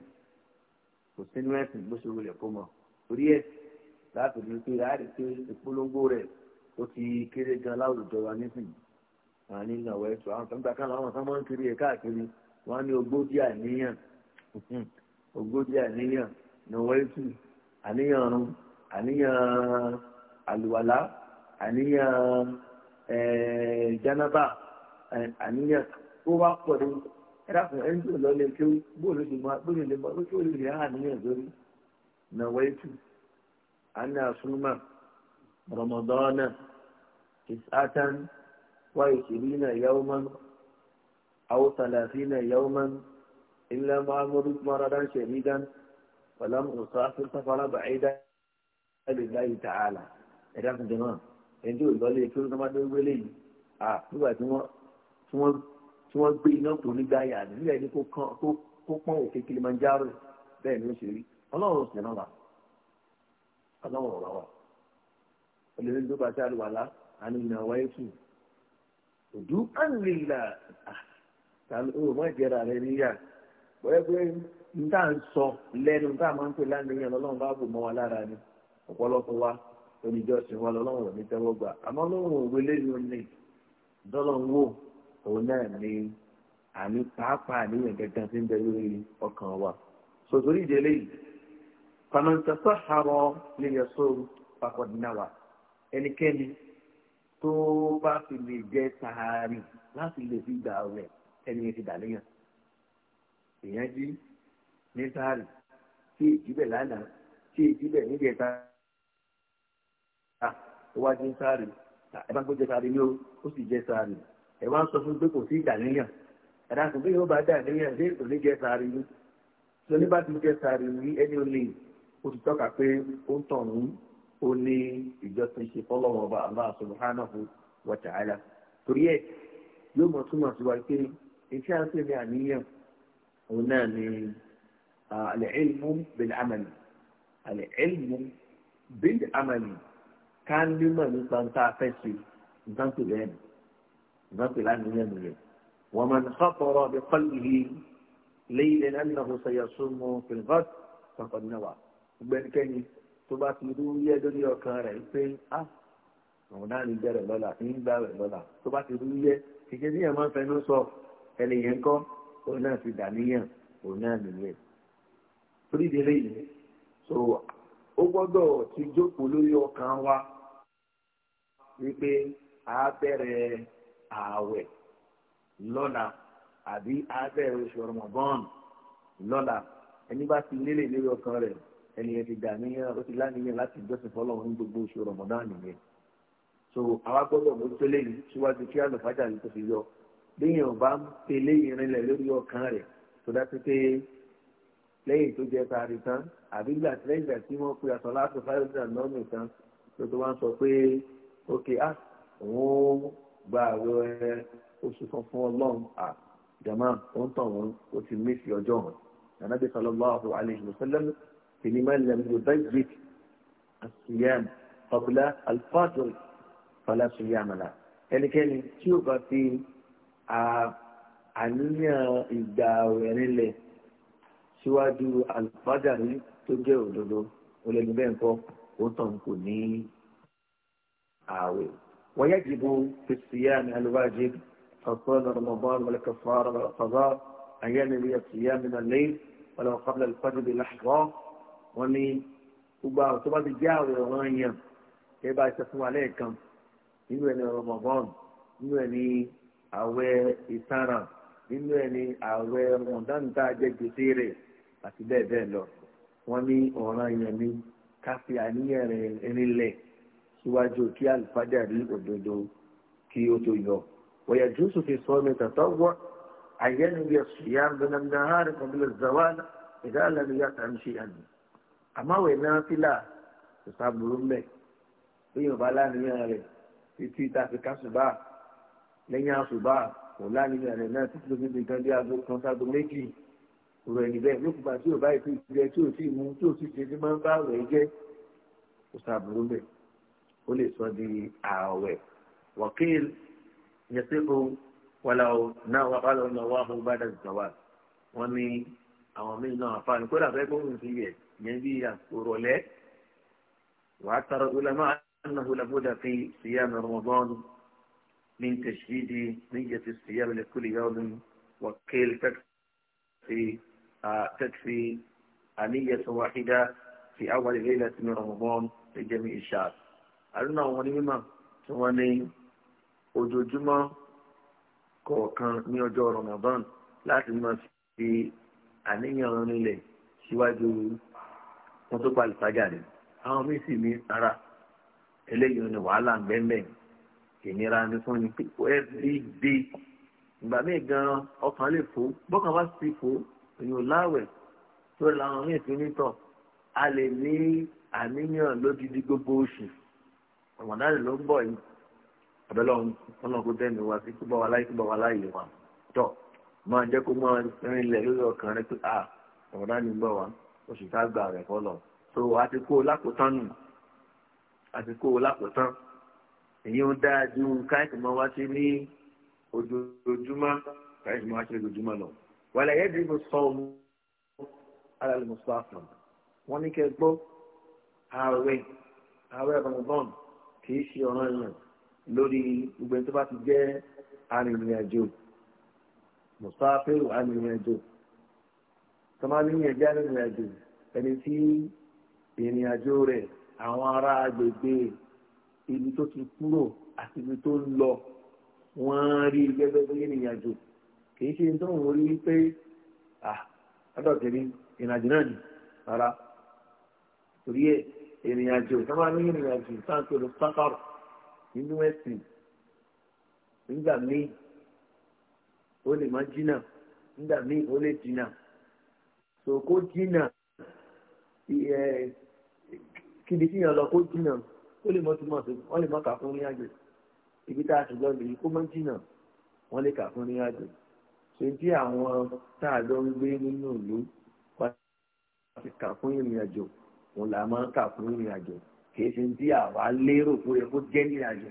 kò sínú ẹ̀sìn bó ṣe wulẹ̀ kó mọ̀ torí ẹ̀ láti rí i pé láti pé ìpolongo rẹ̀ ó ti kéré gan láwùjọ wa nísìnyí àní ìnáwó ẹ̀sùn àwọn tó ń gbàkan láwọn tó máa ń kiri ẹ̀ káàkiri wọn ní ogójì àníyàn ogójì àníyàn ìnáwó ẹ̀sùn àníyàn ọ̀run àníyàn àlùwàlá àníyàn ẹ̀ẹ́dẹ́nàbà àníyàn tó bá pọ̀ ní ẹ̀dàkùn ẹni tó lọ lè kéwú bóòlù lè mọ bóòlù lè mọ bóòlù lè lè àníyàn lórí nàwọ̀ ètù àní àsúnmà rọmọdọ́nà ìsátán wáyé kìrìnà yawman aw talafina yawman ilẹ̀ mọ́mọ́dú mọ́radán ṣẹ̀rídán pẹ̀lú ọ̀sáfin sáfárá bàáyídá ẹ̀lẹ́gbàáyí tààlà ẹ̀dàkùn jẹ́ náà ẹni tó lọ lè kéwú tó má dé wẹ́lẹ́ yìí à nígbà tí wọ́n tí wọ́n gbé iná tó nígbàyà nílẹ̀ ní kó pọ́n òkè Kilimanjaro bẹ́ẹ̀ ni ó ṣe rí ọlọ́run sì náà wà ọlọ́run ọ̀rọ̀ wà olórí tó bá ṣe àlùwàlá àni ìnáwó ẹ̀tù òdú ànlélà ah, tàbí ó má jẹrà rẹ níyà bóyá pé níta ń sọ lẹ́nu níta máa ń pè lánìyàn lọ́lọ́run bá bò mọ́ wa lára ni ọ̀pọ̀lọpọ̀ wa oníjọ́sìn wa lọ́lọ́run ò ní tẹ́wọ́ gbà àmọ́ lọ́run òwe lẹ́nu ní dọ́lọ́run wò òun náà ni àní pàápàá àníyàn gẹ́gẹ́ tí ń bẹ lórí ọkàn wa sòtòrí ìdílé yìí fàmọ́ntàtọ́ àrọ lè yẹ sóru pàkọ́dínàwà ẹnikẹ́ni tó bá fi lè jẹ́ sàárì láti lè fi gbà rẹ̀ ẹni yẹn ti dàníyàn èèyàn jí ní sàárì tí èjì bẹ̀ lánàá tí èjì bẹ̀ níjẹta ah, wájú sàárì ah, ẹ bá ń gbọ́ ni ó sì jẹ sàárì ẹ wá ń sọ fún pé kò sí ìdàníyàn ẹ̀dàkùn bí yóò bá dàníyàn ṣé kò ní jẹ sáré ní lóní bá ti jẹ sáré ní ẹni olè o ti tọ́ka pé ó ń tàn ní ó ní ìjọsìn ṣe fọlọ́wọ́ ọba Allah subhanahu wa ta'ala torí ẹ yóò mọ̀ túmọ̀ sí wa pé iṣẹ́ àti ìrìn àníyàn òun náà ni al-ilmu bil-amali al-ilmu bil-amali ká nímọ̀ nípa nǹkan tá fẹ́ ṣe nǹkan tó bẹ́ẹ̀ ṣùgbọ́n pè lánìyàn nìyẹn wọ́n máa ń sọ́kọ̀rọ̀ bí kọ́lìlì lẹ́yìn lẹ́nu àwọn sọ̀yàsọ́mọ pẹ̀lúbọ́t kankan náà wà gbẹ́nikẹ́ni tó bá ti rú yẹ́ lórí ọkàn rẹ̀ pé á ah, àwọn náà ní bẹ̀rẹ̀ lọ́la ní ń gbà rẹ̀ lọ́la tó bá ti rú yẹ́ kìkẹ́ ní ẹ̀mọ́ fẹnu sọ ẹnìyẹn kọ́ òun náà ti dà níyàn òun náà nìyẹn torí ìdílé so ó gbọ́dọ̀ ti jókòó lórí ọkàn wa wípé a bẹ̀rẹ̀ ààwẹ̀ lọ́la àbí abẹ́rẹ́ oṣù Ramadan lọ́la ẹni bá ti lélẹ̀ lórí ọkàn rẹ̀ ẹni yẹn ti dàníyàn ó ti láníyàn láti jọ́sìn fọlọ́run ní gbogbo oṣù Ramadan nìyẹn so àwa gbọ́dọ̀ mú tẹ́lẹ̀ yìí síwájú kí àlùfájà yìí tó fi yọ léyìn ọba ń tẹ̀lé ìrìnlẹ̀ lórí ọkàn rẹ̀ tó dájú pé lẹ́yìn tó jẹ taari tán àbí gbà lẹ́yìn ìgbà tí wọ́n pe àtọ̀ láti fáyọ̀ náà lọ́nà ìtàn tó tó wá ń sọ pé ókè á ah, òun gba àwẹ̀ oṣù funfun ọlọ́run à jama wọn tàn wọn ó ti mí sí ọjọ́ wọn nànàbí sallallahu alayhi wa sallam kìíní máa lẹ́nu yóò bá yé àṣìyàn ọ̀bùlá alfáàtúrì fàlà ṣìyàmàlà ẹnikẹ́ni tí ó bá fi àníyàn ìgbà àwẹ̀ nílẹ̀ síwájú alfájàrí tó jẹ́ òdodo olóyìnbẹ́ nǹkan ó tàn kò ní àwẹ̀. ويجب في الصيام الواجب فصل رمضان والكفارة والقضاء أن ينوي الصيام من الليل ولو قبل الفجر بلحظة ومن gbogbo tó bá ti jẹ́ àwẹ̀ ọ̀ràn yẹn ẹ bá ṣe fún wa lẹ́ẹ̀kan nínú ẹni Ramadan nínú ẹni àwẹ̀ ìtara nínú ẹni àwẹ̀ Ramadan tá a jẹ gbèsè rẹ̀ àti bẹ́ẹ̀ bẹ́ẹ̀ lọ wọ́n ní ọ̀ràn yẹn ní káfí àníyàn rẹ̀ rinlẹ̀ síwájú kí àlùfáàjà rí òdodo kí ó tó yọ wọ̀yà jùsù fi sọ mi tàtọ́ wọ́ àyẹ́nubíyà ṣìyà gbẹ̀nàmìnà hàrì kọ̀bílẹ̀ zawal ìdáàlẹ́nuyà tàǹṣì àná àmáwẹ̀ náà fílà ìsàbùrù mẹ́ bíyàn bá láàrin rẹ̀ títí tàfi kásùbà lẹ́yìn àṣùbà kò láàrin rẹ̀ náà títí tó fi di nǹkan bí aago kan ságo méjì rò ẹni bẹ́ẹ̀ ló kùbà tí ò bá ìpín ìpínlẹ̀ tí ò sì mú tí ò sì ṣe ó lè sọ di ààwẹ̀ wàkíl yẹsẹ́kù wàláwò náà wà fáwọn ọmọ wa fún bàdà zàwà wọn ní àwọn míì náà àfààní kódà fẹ́ gbóhùn sí yẹ yẹn bí àkùrọ̀lẹ́ wàá tara ulama annahu labuda fi siyam ramadan min tashdidi niyyati siyam li kulli yawmin وكيل تكفي تكفي آه أنية واحدة في أول ليلة من رمضان لجميع الشعب àrùn àwọn onímọ̀ tí wọ́n ní ojoojúmọ́ kọ̀ọ̀kan ní ọjọ́ Ramadan láti máa fi àníyàn rinlẹ̀ síwájú wọn tó palẹ̀ sájà rẹ̀ àwọn míì sì ní ara eléyìí ni wàhálà ń bẹ́ẹ̀ ìnira ni fún ni every day ìgbà míì gan-an ọkàn lè fò bọ́kàn bá sì fò èèyàn láwẹ̀ tó làwọn míì fi nítọ̀ a lè ní àníyàn lódidi gbogbo oṣù ramadan ló ń bọ̀ yìí abẹ́lẹ́ ọ̀nà kó dẹ́nu wa sí kó bá wa láyé kó bá wa láyé wa tọ̀ máa jẹ́ kó máa rinlẹ̀ lórí ọkàn rẹ pé ah ramadan ń bọ̀ wá oṣù tá a gbà rẹ̀ kọ́ lọ so àti kó o lákòótán nù àti kó o lákòótán èyí ń dáa ju káyọ̀tì máa wá sí ní ojoojúmọ́ káyọ̀tì máa wá sí ojoojúmọ́ lọ wàlẹ̀ yẹ́n ti mo sọ ọmọ alálùmọ̀sọ́ àfọ̀n wọ́n ní kìí ṣe ọ̀ràn yàn lórí gbogbo ẹni tó bá ti jẹ́ arìnrìn-àjò mùsáfẹ́rù arìnrìn-àjò tó máa níyàn jẹ́ arìnrìn-àjò ẹni tí ìrìn-àjò rẹ̀ àwọn ará agbègbè ibi tó ti kúrò àti ibi tó lọ wọ́n rí gẹ́gẹ́ bí ìrìn-àjò kìí ṣe tó ń rí pé àdọ̀tẹ̀rí ìrìn náà ni rárá torí ẹ̀ ìrìnàjò tó bá ní ìrìnàjò sáńtòrò sákàrò nínú ẹ̀sìn nígbà míì ó lè má jìnnà nígbà míì ó lè jìnnà sòkó jìnnà kíbi tí yàn lọ kó jìnnà ó lè mọ túmọ̀ sí wọ́n lè mọ kà fún ìrìnàjò ibi tá a sì lọ lèyí kó má jìnnà wọ́n lè kà fún ìrìnàjò ṣe tí àwọn tá a lọ ń gbé nínú ìlú wá ti kà fún ìrìnàjò òun là máa ń kà fún ìrìn àjò kìí ṣe tí àwa lérò fún yẹ kó jẹ́ ìrìn àjò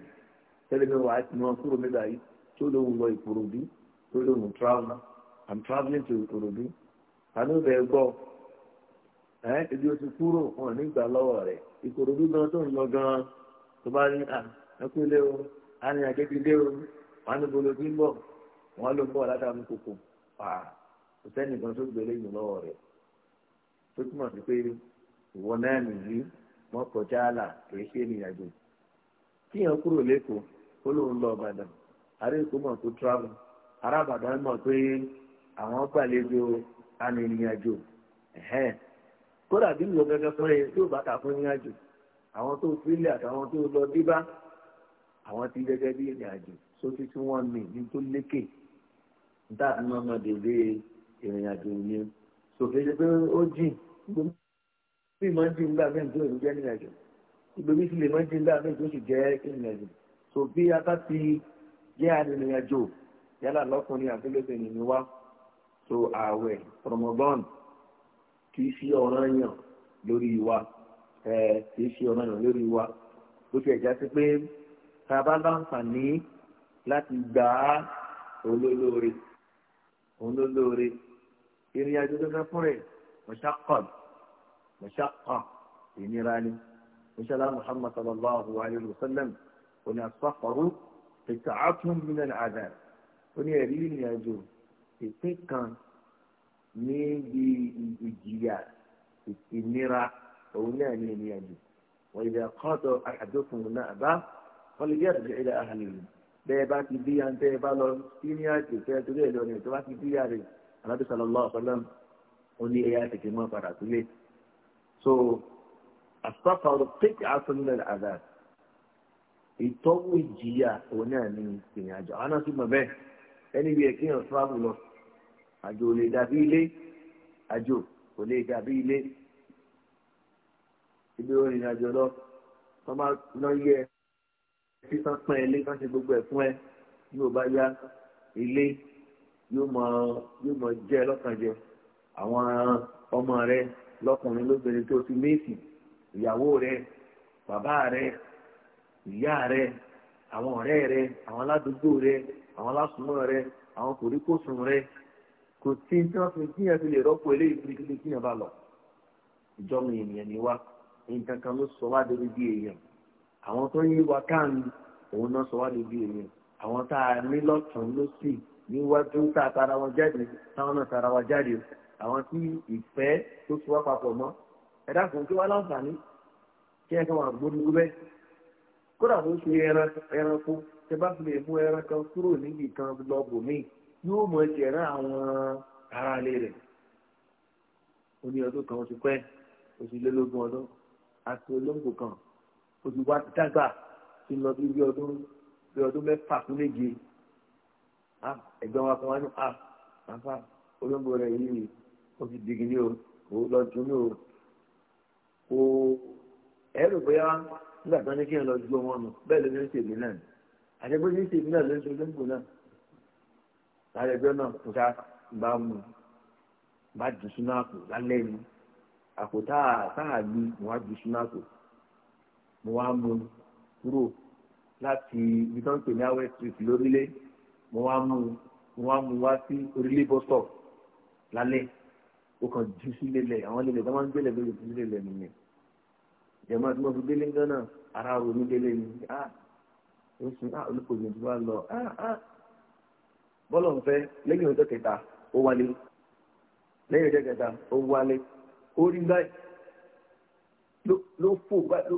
tẹ́lẹ̀mí wa ti mọ kúrò nígbà yìí tó lóun lọ ìkòròdú tó lóun travel i'm travelling to ìkòròdú àánú bẹ̀ gbọ́ ẹ́ ibi o ti kúrò wọn nígbà lọ́wọ́ rẹ̀ ìkòròdú gan tó ń lọ gan tó bá ní à ẹkú ilé o àárín àjẹjì ilé o wọn ní bolo tí ń bọ̀ wọn ló ń bọ̀ látàmú kòkò pàà kò sẹ́nìkan tó gbélé ìlú lọ́wọ́ rẹ̀ tó túmọ̀ sí pé ìwọ náà nìyí wọn kọjá àlà kì í ṣe ìrìnàjò kíyàn kúrò lẹ́kọ̀ọ́ ó lóun lọ ọ̀bàdàn ará èkó mọ̀ tó travel ará àbàdàn mọ̀ pé àwọn gbàlejò arìnrìnàjò kódà bí ìwọ gẹ́gẹ́ fún ẹ tí ò bá ta fún ìrìnàjò àwọn tó fílẹ̀ àtàwọn tó lọ débá àwọn ti gẹ́gẹ́ bí ìrìnàjò sótí tí wọ́n mì ní tó lékè níta tí wọ́n mọ̀ dèbè ìrìnàjò yẹn sòfin ṣe pé ó jìn gbogbo bí máa ń dín nígbà mẹ́rin tó èrò jẹ́ ní ìrìnàjò ìgbèmí sì lè máa ń dín nígbà mẹ́rin tó sì jẹ́ ìrìnàjò tó bí ata ti jẹ́ arìnrìnàjò yálà lọ́kùnrin àbílẹ̀sẹ̀ ni wá tó ààwẹ̀ Ramadan kì í ṣe ọ̀ranyàn lórí wa kì í ṣe ọ̀ranyàn lórí wa bó ti ẹ̀já sí pé tá a bá láǹfààní láti gbà á olólóore olólóore ìrìnàjò tó fẹ́ fún rẹ̀ ọ̀ṣà kọ̀ọ̀dù mọ̀ṣáká ìnira ni mọ̀ṣálá muhammad sallallahu alayhi wa sallam kò ní asáfàrú ètò àtún mílíọ̀n àdá ó ní ẹ̀rí ìrìn àjò ìpín kan níbi ìjìyà ìnira òun náà ní ìrìn àjò wọ́n ìdí àkọ́tọ̀ àdókùn náà bá wọ́n lè jẹ́ àdókùn ilẹ̀ àhàlẹ́ yìí bẹ́ẹ̀ bá ti bí àǹtẹ́ ẹ bá lọ sí ní àjò tẹ́ torí ẹ̀ lọ́nà tó bá ti bí àrè alábísàlọ́lá ọ̀pọ̀lọ́m ó ní ẹ̀yà tètè mọ́ padà sílé so àsọ̀kọ̀rọ̀ pẹ́kì àtúndẹ̀ àdá ìtọ́wò ìjìyà òun náà ní ìrìn àjò àwọn náà sì mọ̀ bẹ́ẹ̀ ẹni bí ẹ̀kí yàn fúráàbù lọ àjò ò lè dàbí ilé àjò ò lè dàbí ilé ibi ìrìn àjò lọ wọ́n bá lọ yẹ sísan pẹ́ ilé kan ṣe gbogbo ẹ̀ fún ẹ yóò bá yá ilé yóò mọ yóò mọ jẹ́ lọ́kànjẹ́ àwọn ọmọ rẹ̀ lọ́kùnrin lóbìnrin tó ti méèsì ìyàwó rẹ bàbá rẹ ìyá rẹ àwọn ọ̀rẹ́ rẹ àwọn aládùúgbò rẹ àwọn alásùnmọ́ rẹ àwọn kòríkòsùn rẹ kò tí tí wọ́n fi kíyàn fi lè rọ́pò eléyìí fún ibi kíyàn bá lọ ìjọba ènìyàn ni wá nǹkan kan ló sọ wá débi bí èèyàn àwọn tó yí wa káàmì òun náà sọ wá débi èèyàn àwọn tá a ní lọ́tún ló níwájú tá a tara wọn jáde táwọn náà tara wa jáde àwọn tí ìfẹ́ tó ti wá papọ̀ mọ́ ẹ dákun kí wọ́n láǹfààní kí ẹ̀ka wọn àgbò nínú bẹ́ẹ̀ kódà tó ṣe ẹranko tẹ bá fi lè mú ẹran kan kúrò níbi kan lọ bò míì yóò mọ ẹsẹ̀ rán àwọn ará ilé rẹ̀ ó ní ọdún kan oṣù pẹ́ oṣù lélógún ọdún àti olóńgbò kan oṣù wa ti dàgbà ti lọ bí ọdún bí ọdún mẹ́fà fún méje ah, ẹ̀gbọ́n wa kan wá ní ah, àfa olóńgbò rẹ̀ yìí nìyí ó ti digi ní o kò lọ dun o kò ẹrù bóyá nígbà tán ní kí n lọ ju ọmọ nù bẹ́ẹ̀ ló ní ń ṣèlú náà àdẹ́gbẹ́ ní ṣèlú náà ló ń ṣojú ńgbò náà àdẹ́gbẹ́ náà kò sá bá mu bá dùn sínú àpò lálẹ́ mi àpò táà lu mo wá dùn sínú àpò mo wá mu kúrò láti ibi tó ń pè ní awẹ́ street lórílẹ̀ mo wá mu mo wá mu wá sí orílẹ̀ bọ́sọ̀ lálẹ́ ó kàn jù sílé lẹ̀ àwọn ilé ìgbà máa ń gbélé lórí jù sílé lẹ̀ nìyẹn ìjọba tí wọ́n fi délé ńgán náà ara ronú délé ni ah ó sùn ah olùkọ́ni tí wọ́n lọ ah ah bọ́lọ̀ ń fẹ́ lẹ́yìn ọjọ́ kẹta ó wálé lẹ́yìn ọjọ́ kẹta ó wálé ó rí báyìí ló fò báyìí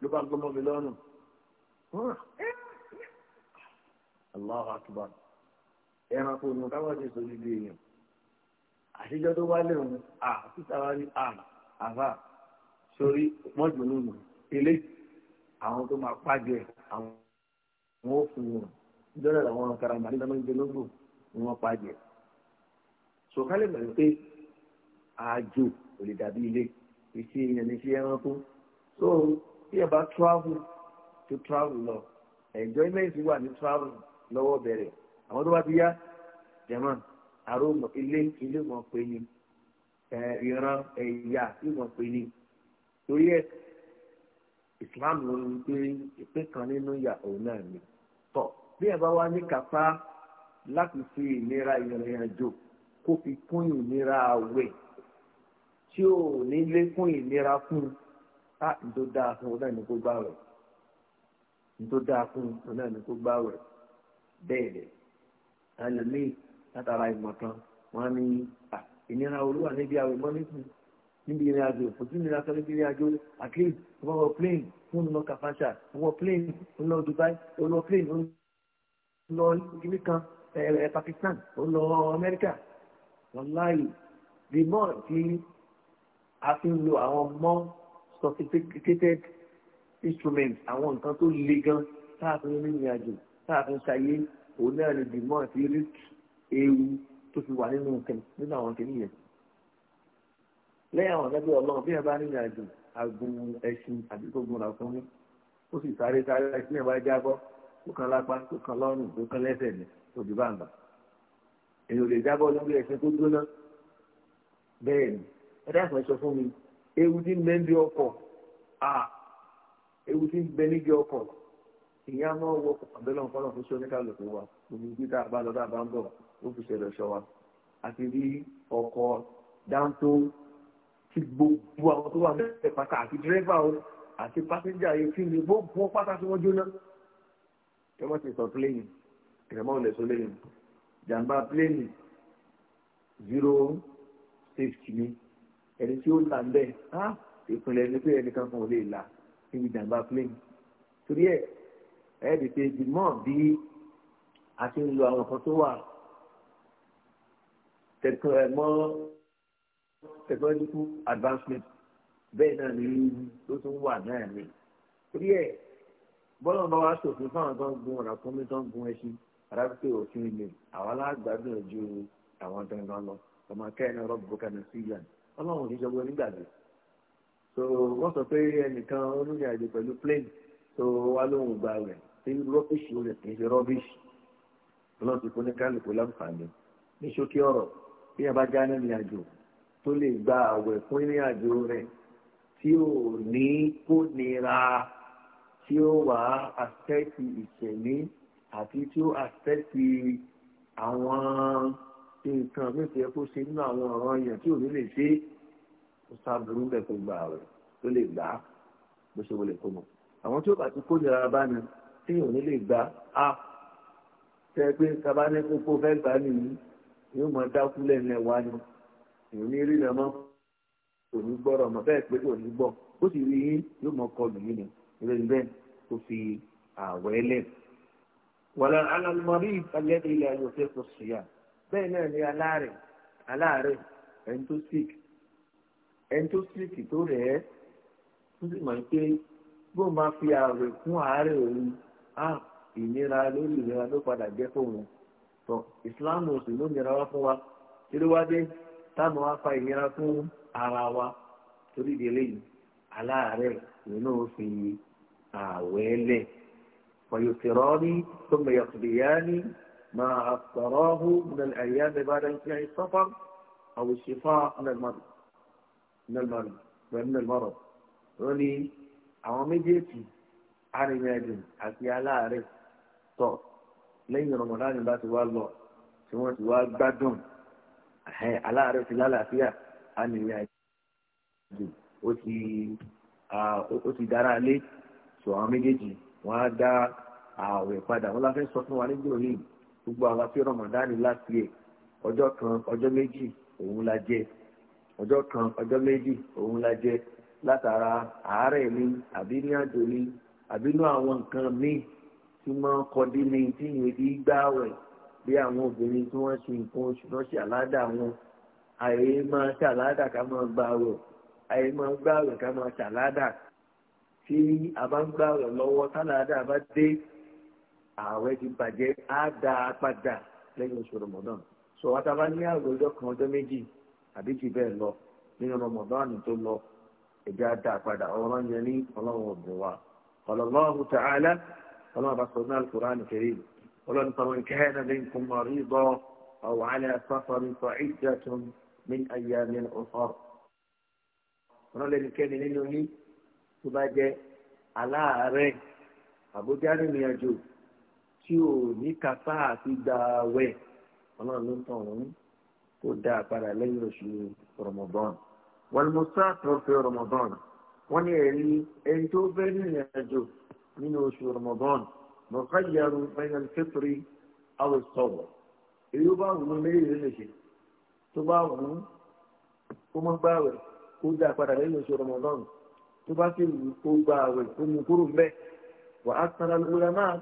ló bá gbọ́mọ mi lọ́rùn. Allahu akbar ẹranko nù káwọn ti sọ níbi èèyàn àṣejọ́ tó wá lè òun à títa wá rí à àbá sórí mọ́jù lónìí ilé àwọn tó máa pàjẹ́ àwọn wọn ò fún wọn ìjọba làwọn karamba nígbà máa ń jẹ lógbò ni wọ́n pàjẹ́ sọ̀kálẹ̀ bẹ̀rẹ̀ pé àjò kò lè dàbí ilé ìṣe èèyàn ní iṣẹ́ ẹranko so bí ẹ bá travel to travel lọ enjoyment wà ní travel lọ́wọ́ bẹ̀rẹ̀ àwọn tó bá ti yá german àròmọ ilé ilé mọ pé ni ìran ẹ̀yà ìmọ̀ pé ni torí ẹ islam ló ń gbé ìpín kan nínú ìyà òun náà ni tọ bí ẹ bá wá ní kápá láti fi ìnira ìrìn àjò kó fi kún ìnira àwẹ̀ tí ò ní lékún ìnira fún a ǹtó dáa fún un náà ní kó gbà wẹ̀ ǹtó dáa fún un náà ní kó gbà wẹ̀ bẹ́ẹ̀ ni àlùmíì látara ìmọ̀ kan wọ́n ní ìnira olúwa níbi àwẹ̀ mọ́ nísìn níbi ìrìn àjò kò sí ìnira sọ níbi ìrìn àjò at least wọ́n wọ plane fún lọ kàfàṣà wọ́n wọ plane fún lọ Dubai wọ́n lọ plane fún lọ ìgbìmí kan ẹ̀ Pakistan wọ́n lọ Amẹ́ríkà wọ́n láàyè the more ti a fi ń lo àwọn more sophisticated instruments àwọn nǹkan tó le gan tá a fi ń rìnrìn àjò tá a fi ń ṣayé òun náà ni the more ti risk ewu tó fi wà nínú nínú àwọn kìnìún yẹn lẹ́yìn àwọn ọ̀dẹ́gbẹ́ ọlọ́run bí ẹ bá nílẹ̀ àjò agun ẹṣin àti gbogbo ọ̀nà fún mi ó sì sáré sáré ẹṣin ẹ̀ bá jábọ́ tó kan lápá tó kan lọ́rùn tó kan lẹ́sẹ̀ ní òdì bàǹbà èèyàn lè jábọ́ lórí ẹṣin tó gbóná bẹ́ẹ̀ ni ẹ dáàbò ẹ sọ fún mi ewu tí ń bẹ níbi ọkọ̀ à ewu tí ń bẹ níbi ọkọ̀ ìyá máa wọ ọ̀bẹ́lọ́nkọ́nà fún sọ́níkà lọ́kọ̀ wa òní ó fi ṣẹlẹ̀ ṣọwa àti rí ọkọ̀ dáńtó ti gbogbo àwọn tó wà mẹ́tẹ̀ pátá àti dírẹ́fà o àti pásẹ́njà yìí fi ní gbogbo pátá tí wọ́n jóná ẹ mọ̀ sí sọ pléènì ìrẹ̀mọ́ ilẹ̀ sọ lẹ́yìn jàǹbá pléènì zero safety ni ẹni tí ó là ń bẹ́ẹ̀ á ìpínlẹ̀ ẹni pé ẹnìkan kan ò lè là níbi jàǹbá pléènì torí ẹ̀ ẹ̀ dìde dìmọ̀ bí a ti ń lo àwọn kan tó wà technological advancement bẹ́ẹ̀ náà ni ó tún wà náà ni torí ẹ̀ bọ́lá bá wa ṣòfin fáwọn tó ń gun ọ̀nà kọ́mí tó ń gun ẹṣin arábíkẹ́ òfin ilé àwọn alágbàdùn ojú àwọn dandan lọ ọmọ akẹ́yìn náà rọ́bù bókà ní sílẹ̀ ọlọ́run kì í ṣọgbọ́n so wọ́n sọ pé ẹnìkan olóyè àjò pẹ̀lú plane so wá lóhùn gba rẹ̀ tí rọ́bìṣì rẹ̀ kì í ṣe rọ́bìṣì ọlọ́run ti fún ní kálukú láǹfààní ní ṣókí ọ̀rọ̀ bí a bá já ní ìrìnàjò tó lè gba àwẹ̀ fún ìrìnàjò rẹ̀ tí ò ní kó nira tí ó wà àfẹ́tì ìṣẹ̀mí àti tí ó àfẹ́tì àwọn nǹkan mẹ́fẹ̀ẹ́ kó ṣe nínú àwọn ọ̀ràn yẹn tí ò ní lè ṣe ó sábúrú bẹ́ẹ̀ kó gba àwẹ̀ tó lè gbà á bó ṣe wọlé kó mọ̀ àwọn tí ó bá ti kó nira bá ní tí ò ní lè gbà á tẹ́ pé kábánẹ́kókó fẹ́ gbà nìyí yóò máa dákú lẹ́nu ẹ̀wá ni èèyàn ní rí lẹ́mọ́ kò ní gbọ́rọ̀ mọ́ bẹ́ẹ̀ pé kò ní gbọ́ ó sì rí yín yóò máa kọlù yín ni ìrẹ́ ní bẹ́ẹ̀ kò fi àwẹ̀ lẹ̀. wàlá alámọ̀rí ìfàlẹ́dẹ ilẹ̀ ayọ̀ fẹ́ kò sí yá bẹ́ẹ̀ náà ni aláàrẹ̀ aláàrẹ̀ ẹni tó tó rẹ̀ ẹ́ tó sì máa ń pé bó máa fi àwẹ̀ fún àárẹ̀ òun ah, ìnira lórí ìnira ló padà jẹ́ fóun tọ ìsìláàmù òsì ló nira wá fún wa kí ló wá dé táwọn wá fa ìnira fún ara wa torí ìdílé yìí aláàárẹ̀ nínú òfin àwẹ̀lẹ̀ fọyọ̀tìrọ́ọ́nì tó mẹ̀yọ̀kùdìyàní máa àtọ̀rọ́hù nílẹ̀ ẹ̀yà bẹ̀bàdà ń fi àìsọ́fà àwòṣìfà nílẹ̀mọ̀rọ̀ wọ́n ní àwọn méjèèjì arìnrìn àjò àti aláàárẹ̀ tọ̀ lẹ́yìn rọmọdánù bá ti wá lọ tí wọ́n ti wá gbádùn aláàárẹ̀ ti lálàáfíà á nìyí àjò ó ti ó ti dára lé sọ àwọn méjèèjì wọ́n á dá ààwẹ̀ padà wọ́n láfẹ́ sọ fún wa nígbà yìí gbogbo àwọn tí rọmọdánù láti ẹ̀ ọjọ́ kan ọjọ́ méjì òun la jẹ ọjọ́ kan ọjọ́ méjì òun la jẹ látara àárẹ̀ ni àbí ní àjò ni àbínú àwọn nǹkan míì tí máa ń kọ́ dé léyìí ìwédí gbáwẹ̀ bí àwọn obìnrin tí wọ́n ṣe nǹkan oṣù náà ṣe àládà wọn àyè máa ṣe àládà ká máa gbáwẹ̀ àyè máa gbáwẹ̀ ká máa ṣe àládà tí a bá ń gbáwẹ̀ lọ́wọ́ táládà bá dé ààwẹ̀ ti bàjẹ́ á dá a padà lẹ́yìn oṣù rọmọdán sọ wá tá a bá ní àrò kan ọjọ́ méjì àbí jù bẹ́ẹ̀ lọ nínú rọmọdán tó lọ ẹ̀jẹ̀ á dá a ọ̀rọ̀ yẹn ní ọlọ́run ọ̀gbìn wa ọ̀lọ́lọ́run tààlà ọlọ́run bá sọ̀rọ̀ náà kúrò ánì kẹrì ọlọ́run tọrọ nkẹ́ على سفر kún من bọ́ ọ̀wọ́ alẹ́ sáfàrí sọ ìjà tún ní ayé àmì ọ̀fọ́. ọlọ́run lẹ́nu kẹ́ni nínú yín tó bá jẹ́ aláàárẹ̀ àbójá rìnrìn àjò tí ò ní kápá àti gbà ọlọ́run ló ń kó dáa padà lẹ́yìn oṣù rọmọdán wọn mọ sáà tó fẹ́ rọmọdán wọn ní ẹ̀rí ẹni tó fẹ́ rìnrìn àjò nínú oṣù Ramadan mọ̀káyàrú bainal fitri aw as-sabr èyí ó bá wù ú méjèèjì lè ṣe tó bá wù ú kó mọ́ gbààwẹ̀ kó dá padà lẹ́yìn oṣù Ramadan tó bá sì wù ú kó gbààwẹ̀ kó mú kúrò mbẹ́ wà á sara lóra náà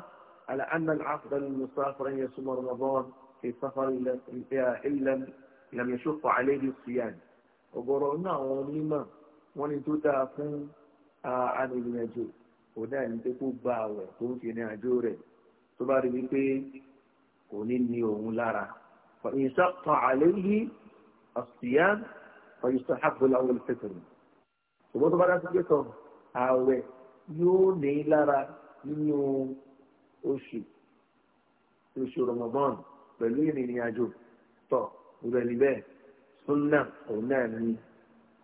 àlà àná àfúrà ní musáfàrà yẹn súnmọ́ Ramadan fi sáfàrà ilẹ̀ ìlànàṣọ́fọ̀ alẹ́ bí suyan ọ̀gọ̀rọ̀ náà àwọn onímọ̀ wọ́n ní tó dáa fún arìnrìnàjò kò náà ní pé kó gba àwẹ̀ tó ń fi ní àjò rẹ̀ tó bá rí wípé kò ní ní òun lára ìṣàkàn àléyé ọ̀sìyá ọ̀yìṣà àpòlá wọlé fẹ́tẹ̀rẹ̀ ṣùgbọ́n tó bá dá sí pé tán àwẹ̀ yóò ní lára nínú oṣù oṣù Ramadan pẹ̀lú ìrìn àjò tọ̀ ìrẹ̀ níbẹ̀ súnà òun náà ni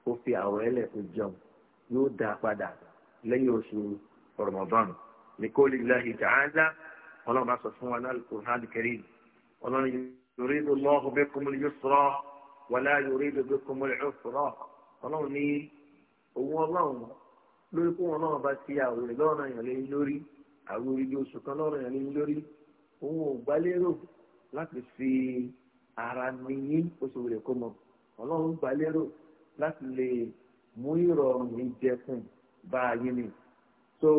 ó fi àwẹ̀ ẹlẹ̀ kó jẹun yóò dá padà lẹ́yìn oṣù Ramadan likoli lahi ta'ala ọlọ́run bá sọ fún wa náà Qur'an Karim ọlọ́run yuridu Allahu bikumul yusra wala yuridu bikumul usra ọlọ́run ní òun ọlọ́run lórí kó wọn náà bá ti àwòrán lọ́rùn àyàn lẹ́yìn lórí àwòrán ibi oṣù kan lọ́rùn àyàn lẹ́yìn lórí òun ò gbálérò láti fi ara nìyí oṣù rẹ̀ kó mọ ọlọ́run gbálérò láti lè mú ìrọ̀rùn ìjẹkùn bá ayé nìyí so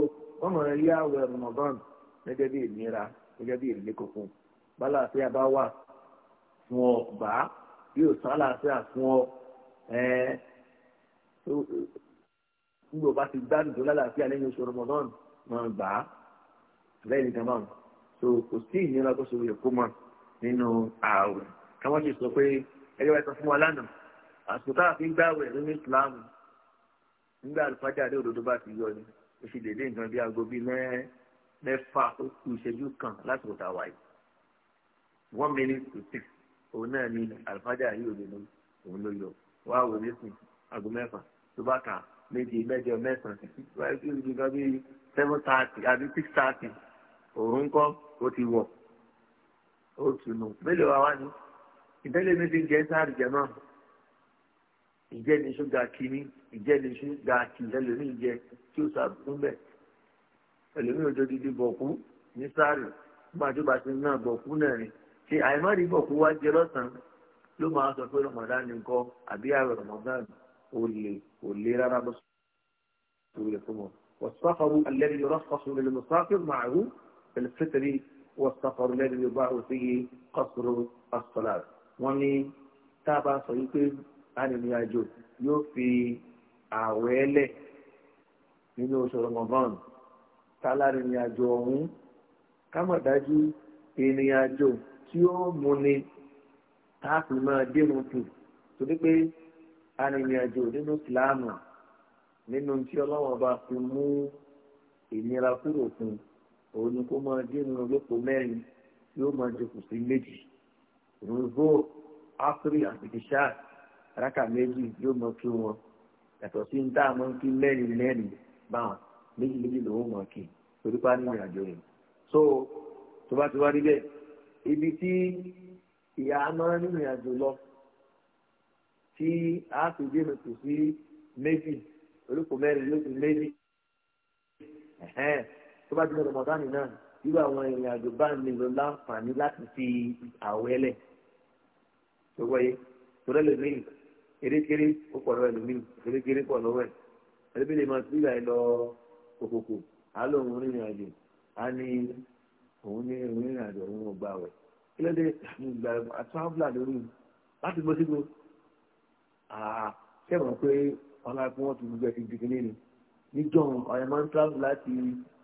wọ́n mọ̀ rí àwẹ̀ Ramadan gẹ́gẹ́ bí ìnira gẹ́gẹ́ bí ìlékòkun bálàáfíà bá wà fún ọ gbà á yóò sálàáfíà fún ọ ẹ̀ẹ́ nígbà bá ti gbádùn tó lálàáfíà lẹ́yìn oṣù Ramadan máa gbà á lẹ́yìn kan máa so kò sí ìnira kó so yẹ kó mọ nínú ààwẹ̀ káwọn ti sọ pé ẹgbẹ́ wa sọ fún wa lánàá àsùnká àfi gbàwẹ̀ nínú Islam nígbà àlùfáàjà àdé òdodo bá ti yọ ni ó sì dédé nǹkan bí aago bíi mẹ́fà ó kù ìṣẹ́jú kan láti òtà wáyé one minute to six òun náà ni àlùfáàjà yìí ò lè lọ òun ló yọ wá wò ní sùn aago mẹ́fà tó bá kà méje mẹ́jọ mẹ́sàn-án wáyé kí ó di nǹkan bíi seven thirty àbí six thirty òun kọ́ ó ti wọ̀ ó tùnú mélòó wa wá ní ìtẹ́lẹ̀ mi fi ń jẹ sáàrì jẹ náà ìjẹ́ ni ṣúgà kínní ìjẹ́ ni ṣúgà kì ẹlòmíì jẹ tí ó sàbùkún bẹ̀ ẹlòmí òjò dídí bọ̀kú ní sáré nígbà tó bá ti ná bọ̀kú náà rìn ṣe àìmọ́rí bọ̀kú wá jẹ lọ́sàn-án ló máa sọ pé rọmọdán ni nǹkan àbí àrò rọmọdán ò lè ò lè rárá bọ́ sórí rẹ̀ fún wọn. والسفر الذي يرخص للمسافر معه الفطر والسفر الذي يباع فيه قصر الصلاة wọ́n ní tá a bá sọ yìí pé nínú oṣù Ramadan tálárì ní àjò ọ̀hún kámọ̀dájú ìrìn àjò tí ó múni táàpì máa dénú tù torí pé arìnrìnàjò nínú ìsìláàmù nínú tí ọlọ́wọ́n bá fi mú ìnira kúrò fún òun ni kó máa dénú lóko mẹ́rin tí ó máa jòkó sí méjì rúgbó áfírí àtìkíṣà rákà méjì yóò máa kí wọn yàtọ̀ sí ní tá a kí mẹ́rin mẹ́rin báwọn méjì méjì lòún mọ̀ kì torí pa nínú ìrìnàjò rẹ̀ so tó bá ti wá níbẹ̀ ibi tí ìyá máa ń rìnrìn àjò lọ tí a fi dé nìkú sí méjì orúkọ mẹ́rin ló fi méjì tó bá ti lọ rọmọdánì náà irú àwọn ìrìn àjò bá ń lò láǹfààní láti fi àwẹ̀ lẹ̀ tó wáyé tó rẹ́ lómi erékeré ó pọ̀ lọ́wọ́ lómi erékeré pọ̀ lọ́wọ́ ẹ̀ ẹlẹ́bí lè máa sílẹ̀ ẹ lọ òkòkò á lọ òun rìnrìn àjò á ní òun ní òun rìnrìn àjò òun ò gbà wẹ̀ kí ló dé ìgbà àtúnfà lórí láti bó sígbó kẹ́mọ̀ pé ọlápẹ́ wọn ti gbogbo ẹ̀sìn jù kínní ni níjọ́ ọ̀yẹ́ máa ń travel láti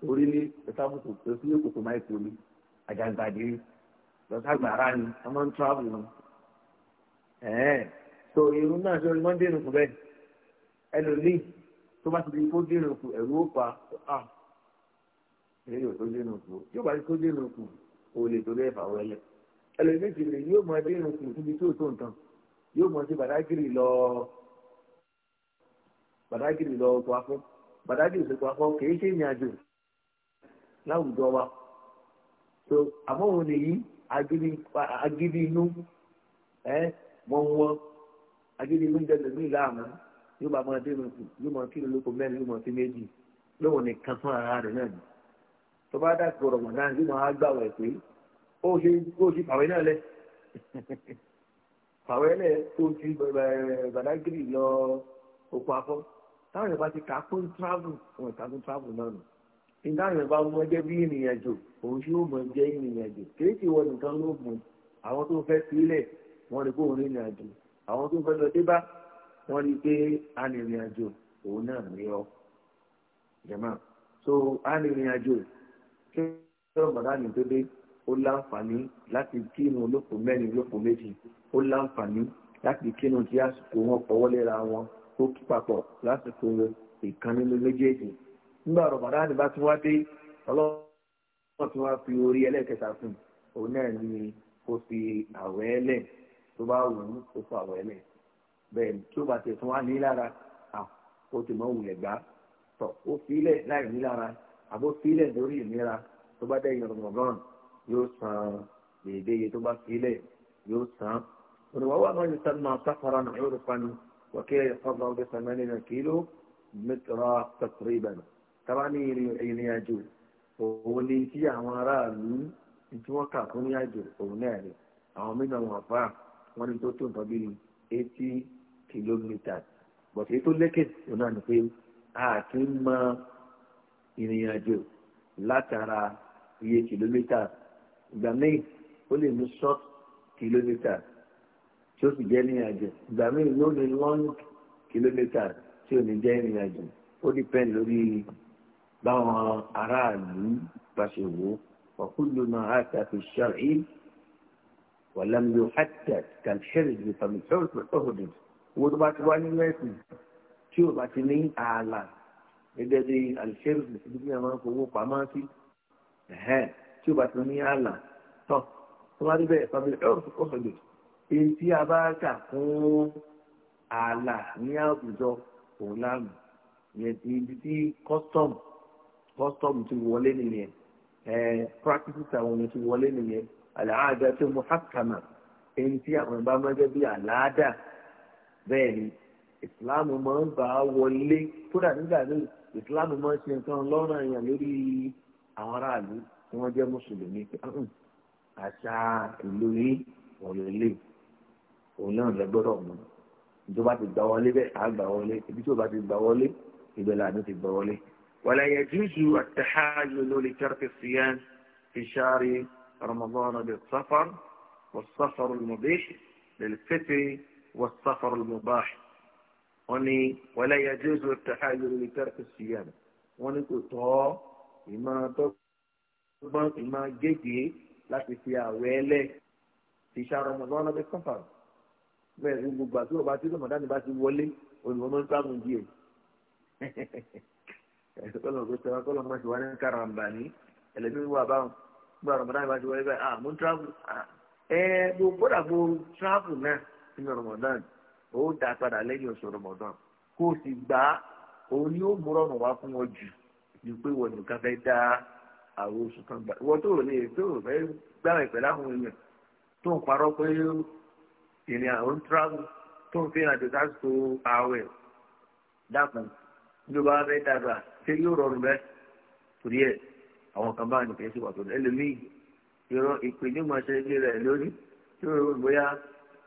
orílẹ̀ ẹ̀sáfùkù tó sí òkòkò máìkò ni àjàgbàdìrí lọ́sàgbàrá ni wọ́n máa ń travel ni. ẹ̀ẹ́n so irun náà ṣe orí monday nù fún bẹ́ẹ̀ ẹlòmíì tó bá ti di kó dènà kù ẹ̀rú ó pa á lẹ́yìn ò tó bá ti kó dènà kù ò lè tó lẹ́ẹ̀fà wẹ́lẹ̀ ẹlẹ́mìtì rẹ̀ yóò mọ dènà kù síbi tó tó nǹkan yóò mọ sí bàdágìrì lọ bàdágìrì lọ ọkọ̀ bàdágìrì so àmọ́ òun nìyí agidi inú ẹ mọ̀ wọn inú jẹ́ yóò bá máa dénú kù yóò máa kí lóko mẹ́rin yóò máa fi méjì lóun nìkan fún ara rẹ̀ náà ni tó bá dà kúrò rọ̀mọ̀dá yóò máa gbà wẹ̀ pé ó ṣe kó ṣe pàwẹ́ náà lẹ̀ pàwẹ́ lẹ̀ kó ju gbàdágìrì lọ òkú afọ́ táwọn yẹn bá ti kà á kó ń travel wọn kà á kó ń travel náà nù ìdáhùn bá mú ọjọ́ bí ènìyàn jò òun ṣe ó mọ̀ jẹ́ ènìyàn jò kéèkì wọ nìkan ló mú àwọn tó fẹ́ sílẹ̀ wọn ni kó òun rìnrìn àjò àwọn tó fẹ́ lọ dé bá wọ́n rí i pé arìnrìn-àjò òun náà ní ọ jẹ̀mọ́ so arìnrìn-àjò kí ọ̀rọ̀ màdánù tó dé ó láǹfààní láti kírun olóko mẹ́rin olóko méjì ó láǹfààní láti kírun tí àsìkò wọn pọ̀wọ́ léra wọn ó kí papọ̀ lásìkò ìkan nínú méjèèjì nígbà ọ̀rọ̀ màdánù bá tún wá dé ọlọ́wọ́ tún wá fi orí ẹlẹ́kẹta fún òun náà ni kò fi àwẹ̀ ẹlẹ̀ tó bá wù ú kó fún àwẹ̀ ẹlẹ̀ bẹ́ẹ̀ tí ó bá ti tún wá ní lára ó ti mọ òun ẹ̀gbá tọ̀ ó filẹ̀ láì ní lára àbó filẹ̀ lórí ìnira tó bá dẹ́yìn rọ̀mọ̀gán yóò san èdèyẹ tó bá filẹ̀ yóò san. olùwàwọ̀ àwọn yóò sanu máa sáfara náà yóò rúfa ni wàkẹ́ ìfọ̀gbà ọdẹ sàmẹ́lì náà kìló mẹ́tọ́rọ́ tẹ̀sírí ìbẹ̀rẹ̀ tábà ní ìrìn àjò òun ni tí àwọn aráàlú tí wọ́n kà fún ní àjò òun náà ni àwọn mí eighty kìlómítà bọ̀tí tó lékè òun náà ni pé a kì í mọ ìrìn àjò látara iye kìlómítà ìgbà míì ó lè mú short kìlómítà tí ó sì jẹ́ ìrìn àjò ìgbà míì ló ní long kìlómítà tí ò ní jẹ́ ìrìn àjò ó dìpẹ́ǹd lórí báwọn aráàlú bá wò ó ọ̀kúlù náà á ti àfi ṣọ́ọ̀ì wàlámi yóò hàtà kàlṣẹ́rì ìfàmìtì ọ̀hùn owó tó bá ti wá nínú ẹ̀sìn tí ò bá ti ní ààlà gẹ́gẹ́ bí àlùfẹ́rù sí ibi tí wọ́n máa ń fowó pamọ́ sí tí ò bá ti ní ààlà tán tó bá débẹ̀ ìfàbílẹ̀ ẹ̀rọ tó kọ́ sọ̀dọ̀ èyí tí a bá kà fún ààlà ní àwùjọ òun láàmú ìyẹn ti ibi tí custom custom ti wọlé nìyẹn practices àwọn ti wọlé nìyẹn àlàáda tó mú hákàmà èyí tí àwọn ìbámu gẹ́gẹ́ bí àlàáda bẹ́ẹ̀ ni ìsìláàmù máa ń gbà á wọlé kódà nígbà míì ìsìláàmù máa ń ṣe nǹkan lọ́rùn èèyàn lórí àwọn aráàlú tí wọ́n jẹ́ mùsùlùmí pé àṣà ìlú yìí ọ̀lẹ́lẹ̀ òun náà lẹ gbọ́dọ̀ mọ̀ tó bá ti gbà wọlé bẹ́ẹ̀ á gbà wọlé ibi tó bá ti gbà wọlé ibẹ̀ làánú ti gbà wọlé. ولا يجوز التحايل لترك الصيام في شهر رمضان بالسفر والسفر المبيح للفطر والسفر المباح وني ولا يجوز التحايل لترك الصيام وني كتو إما تقبل إما جيجي لا تفيا ويلي في شهر رمضان بالسفر bẹ́ẹ̀ ni gbogbo àti ọba tí rọmọdánì bá ti wọlé olùwọ́n máa ń sáàmù díẹ̀ ẹ̀sìn kọ́lọ̀ ọ̀gbẹ́ tẹ́wọ́ kọ́lọ̀ máa ṣe wá ní karambà ní ẹlẹ́mìí wà báwọn gbogbo rọmọdánì bá ti wọlé bẹ́ẹ̀ ah mo ń tíráàbù ah, ẹ gbogbo kódà gbogbo tíráàbù náà nínú Ramadan ó dá padà lẹ́yìn oṣù Ramadan kó o sì gbà á òun ni ó mú rọrùn wá fún wọn jù ni pé wọn nìkan fẹ́ dá àwọn oṣù kan gbà wọn tó lè tó fẹ́ gbàwẹ̀ pẹ̀lú àwọn èèyàn tó ń parọ́ pé ìrìn àwọn travel tó ń fi àjò sásìkò ààwẹ̀ dákun ní o bá fẹ́ dàgbà ṣé yóò rọrùn bẹ́ẹ̀ torí ẹ̀ àwọn kan bá nìkan ṣe wà tó lẹ́lẹ́mìí ìrọ̀ ìpè ní màṣẹ́ ilé rẹ̀ lórí tí ó rọrùn bóyá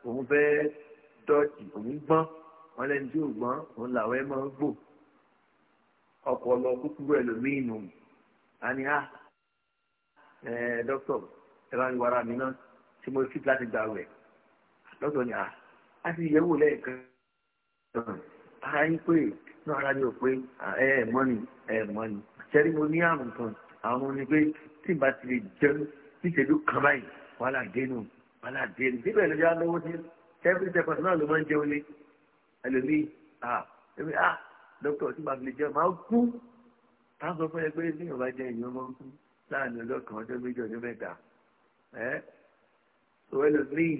òun fẹ́ dọ́ọ̀tì òun gbọ́n wọn lẹ́nu tí ò gbọ́n òun làwọn ẹ máa ń gbò ọkọ̀ lọ kúkúrú ẹlòmíì nù àní à ah, ẹ dókítà ẹ bá mi wàrà mi náà tí mo fi láti gbà rẹ̀ dókítà ni ah, à á sì yẹ̀wò lẹ́ẹ̀kan ara yín pé náà ara yóò pé ẹ ẹ mọ́ni ẹ mọ́ni ṣẹ́rí mo ní àrùn kan àwọn ni pé tí n bá ti lè jẹun níṣẹ́jú kan báyìí wàhálà dénú aládé níbẹ̀ ló yá lọ́wọ́ sí every day personal ló máa ń jẹun ní ẹlòmíì ah ẹbí ah dókítà tí màá fi lè jẹun máa ń kú táwọn ni, fún ẹ pé ní ìwà jẹ ìyẹn máa ń kú láàrin ọjọ́ kan ọjọ́ méjì ọjọ́ mẹ́ta ẹ sọ ẹlòmíì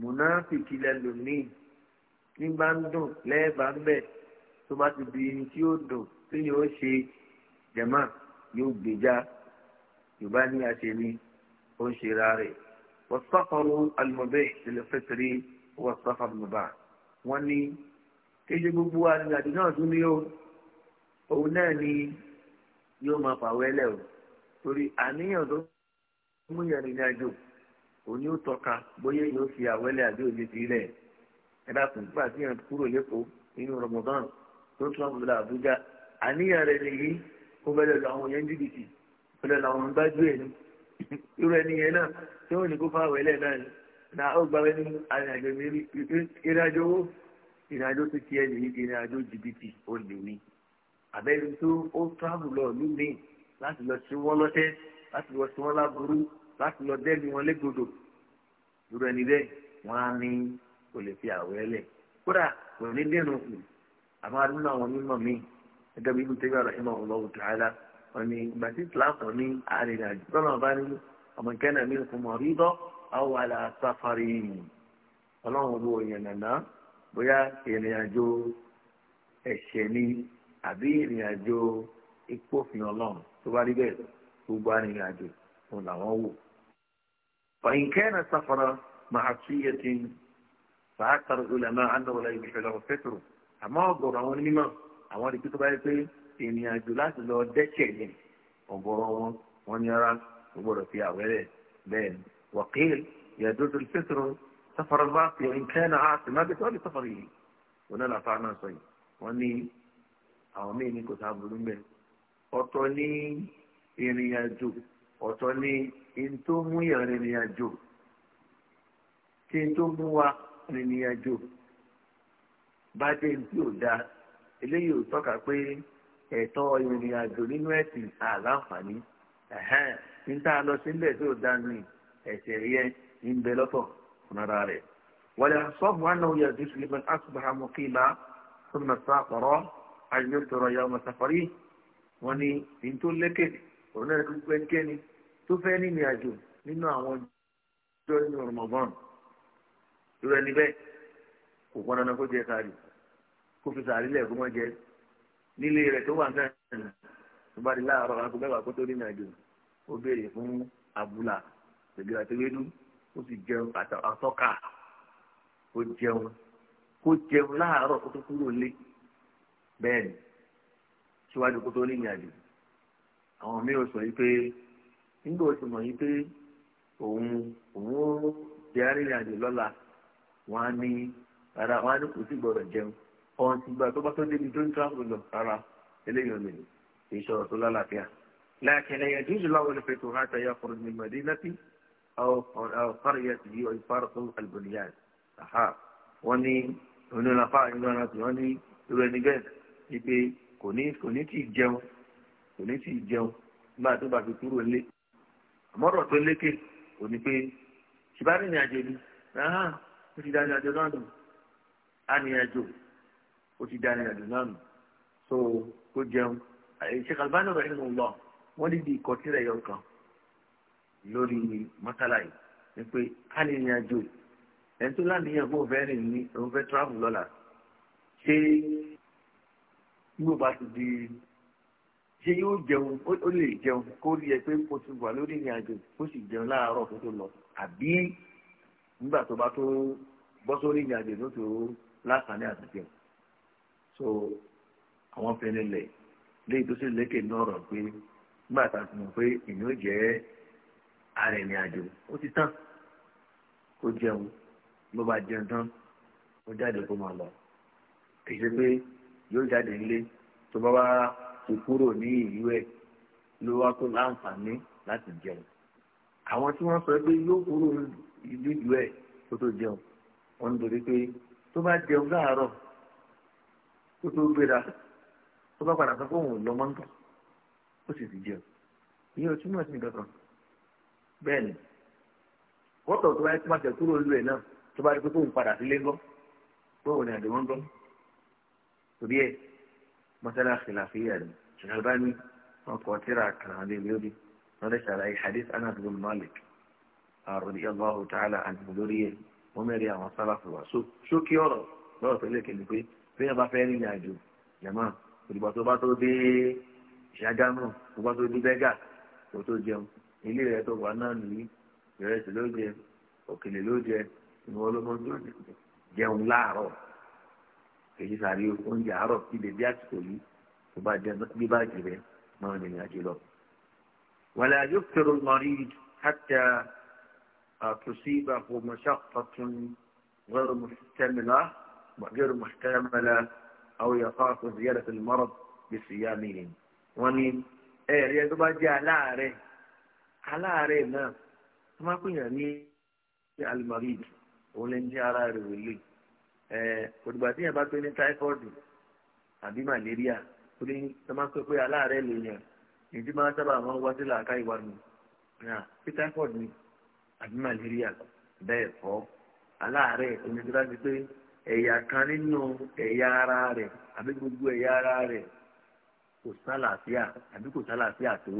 mùnáfìkì lẹlòmíì ní bá ń dùn lẹ́ẹ̀bà ń bẹ̀ tó bá ti di irin tí ó dùn tí yóò ṣe jẹ̀mọ́ yóò gbèjà yorùbá ní àṣẹ ni ó ń ṣe ra rẹ̀. والسفر المبيح للفطر هو السفر المباح wọ́n ní kéde gbogbo arìnrìnàjò náà tún ní o òun náà ni yóò máa fàwọ́ ẹlẹ́ o torí àníyàn tó mú ìrìnàjò òun yóò tọ́ka bóyá yóò fi àwẹ́lẹ́ àbí òye ti rẹ̀ ẹ bá kún fún àtìyàn kúrò lẹ́kọ̀ọ́ nínú Ramadan tó tún àwọn ọmọdé Àbújá àníyàn rẹ̀ nìyí kó bẹ́ẹ̀ lọ àwọn yẹn jìbìtì bẹ́ẹ̀ lọ àwọn gbájú ẹ̀ ní irú ẹni yẹn náà tí wọ́n ní kó fáwọn ẹlẹ́ náà ni na ó gba ẹni arìnrìnàjò mérí ìrìnàjò owó ìrìnàjò tó tiẹ̀ nìyí ìrìnàjò jìbìtì ó lè ní àbẹ́ni tó ó travel lọ ìlú míì láti lọ sí wọn lọ́tẹ́ láti lọ sí wọn láburú láti lọ dẹ́bi wọn légbodò irú ẹni bẹ́ẹ̀ wọ́n á ní kò lè fi àwọ̀ ẹlẹ̀ kódà kò ní dẹ́nu kù àmọ́ adúlọ̀ àwọn mímọ̀ míì gẹ́gẹ́ bí ibùdó tẹ́gbà rẹ̀ ìmọ̀ wọn ni ìgbà tí islam kan ní arìnrìnàjò tọ́lọ́ bá ní ọmọ kẹ́nà mi kò mọ̀ rí bọ́ àwọn àlà sáfárì ọlọ́run wo èèyàn nàná bóyá ìrìnàjò ẹ̀ṣẹ̀ ni àbí ìrìnàjò ìpòfin ọlọ́run tó bá rí bẹ́ẹ̀ gbogbo arìnrìnàjò òun làwọn wò. فإن كان سفر معصية فأكثر العلماء أنه لا يجوز له الفطر أما أقول أنا مما أما أقول كتب ìrìn àjò láti lọ dẹ́ṣẹ̀ yẹn ọ̀gọ̀rọ̀ wọn wọn ní ara kò gbọ́dọ̀ fi àwẹ́rẹ́ bẹ́ẹ̀ wàkíl yàdúdú fẹ́tọ̀rọ̀ sáfàrọ̀ bá fi nǹkan náà àti má bẹ́tọ̀ lè sáfàrọ̀ yìí wọn náà làfa náà sọ yìí wọn ní àwọn míì ní kò sá burú mẹ́ ọ̀tọ̀ ní ìrìn àjò ọ̀tọ̀ ní in tó mú ìrìn àjò tí n mú wa ìrìn àjò bá dé ní ò da eléyìí ò tọ́ka pé ẹ̀tọ́ ìrìn àjò nínú ẹ̀sìn àlàǹfààní níta lọ sílẹ̀ tó dánú ẹ̀sẹ̀ rí ẹ bẹ lọ́tọ̀ fúnra rẹ̀. wàlẹ̀ sọ́ọ̀bù wọn náà yẹ jùsùn lẹ́gbẹ̀ẹ́ asùbàhà mọ́kìlá fún mẹ́ta àkọ́rọ́ àyẹ̀tọ̀rọ̀ yà mọ́sàfàrí wọn ni ní tó lékè òun náà gbogbo ẹnikẹ́ni tó fẹ́ nínú àjò nínú àwọn ìjọ nínú Ramadan lórí nílé rẹ̀ tó wà ń sẹ́yìn tó bá di láàárọ̀ aago kó tó rí ìrìnàjò ó béèrè fún àbúlà ìgbéra tó rédú ó sì jẹun àtọ́ka ó jẹun kó jẹun láàárọ̀ kó tó kúrò lé bẹ́ẹ̀ ni síwájú kó tó rí ìrìnàjò àwọn ò sọ ọ̀hún ti gbà tó bá tó débi tó ń tíráfù lọ rárá eléyìí ọ̀nà èyí sọ̀rọ̀ tó lálàáfíà. لكن يجوز له الفتوحات يخرج من مدينة أو أو قريته ويفارق البنيان. أها وني هنا نقع إلى وني يبني بيت يبي كوني كوني تيجيو كوني تيجيو ما تبع في طول اللي مرة تقول لك كوني بي شبابي ناجي أها تريد أن أجي أنا أجي ó ti dá ìrìnàjò náà nù so kó jẹun Sheikh Albani rahimahullah wọ́n dìde ìkọtíra ẹ̀yọ kan lórí mọ́tàlá yìí ni pé ká ní ìrìnàjò ẹni tó láníyàn fún òfẹ́ rìn ní òun fẹ́ travel lọ́la ṣé yóò bá ti di ṣé yóò jẹun ó lè jẹun kó rí ẹ pé kó ti wà lórí ìrìnàjò kó sì jẹun láàárọ̀ kó tó lọ àbí nígbà tó bá tó bọ́ sórí ìrìnàjò ló tó lásán ní àtúnṣe so àwọn fẹnẹ lẹ léyìí tó sì lékè lọ́rọ̀ pé nígbà tá a ti mọ̀ pé ìyóò jẹ́ arìnrìn àjò ó ti tán kó jẹun ló bá jẹun tán ó jáde kó máa lọ kì í ṣe pé yóò jáde nílé tó bá wá ti kúrò ní ìlú ẹ̀ ló wá kó láǹfààní láti jẹun àwọn tí wọ́n sọ pé yóò kúrò ní ìlú ẹ̀ kó tó jẹun wọ́n ń dorí pé tó bá jẹun láàárọ̀ kó tó gbéra tó bá padà sọ pé òun ò lọ mọ́ńtò ó sì ti jẹun ìyẹn ò túmọ̀ sí nǹkan kan bẹ́ẹ̀ ni wọ́tọ̀ tó bá yẹ kó máa tẹ̀ kúrò lù ẹ̀ náà tó bá rí pé tóun padà sílé ńgọ́ bóun ni àdéhùn ńgọ́ torí ẹ̀ mọ́sálà fìlàfíà ni ṣùgbọ́n ní wọn kọ́ tíra kan lé lórí wọn lè ṣàlàyé hadith anas bin malik radiyallahu ta'ala anhu lórí ẹ̀ wọ́n mẹ́rin àwọn sálàfù wa sókè ọ̀rọ̀ lọ́rọ̀ tó lè pé téèyàn bá fẹ́ rìnrìn àjò jẹ̀mọ́ ìdìbò tó bá tó dé ṣàgámù tó bá tó dé bẹ́gà kó tó jẹun ilé rẹ̀ tó wà náà nìyí ìrẹsì ló jẹ òkèlè ló jẹ ìwọ ló mọ tó jẹun láàárọ̀ èyí sàrí oúnjẹ àárọ̀ ibè bí àsìkò yìí tó bá jẹ bí bá jẹ bẹ máa rìnrìn àjò lọ. wàlẹ́ àjò kẹrò mọ̀rí hàtà àtúnṣe ìbàfọ̀ mọ̀ṣàkọ̀tún rẹ̀ mọ̀ṣàkọ̀tún غير محتملة أو يخاف زيادة المرض بصيامهم ومن ẹ̀rí ẹni tó bá jẹ́ aláàárẹ̀ aláàárẹ̀ náà wọ́n máa pè yàn ní alimarid òun lè ní ara rẹ̀ wòlé ẹ̀ òdìgbà tí yẹn bá pé ní táífọ́ọ̀dù àbí màlẹ́ríà ó ní wọ́n máa pè pé aláàárẹ̀ lè yàn ìdí máa sábà máa ń wá sí làákà ìwà mi pé táífọ́ọ̀dù ni àbí màlẹ́ríà bẹ́ẹ̀ fọ́ aláàárẹ̀ onídìrá ti pé ẹ̀yà kan nínú ẹ̀yà ara rẹ̀ àbí gbogbo ẹ̀yà ara rẹ̀ kò sálàáfíà àbí kò sálàáfíà tó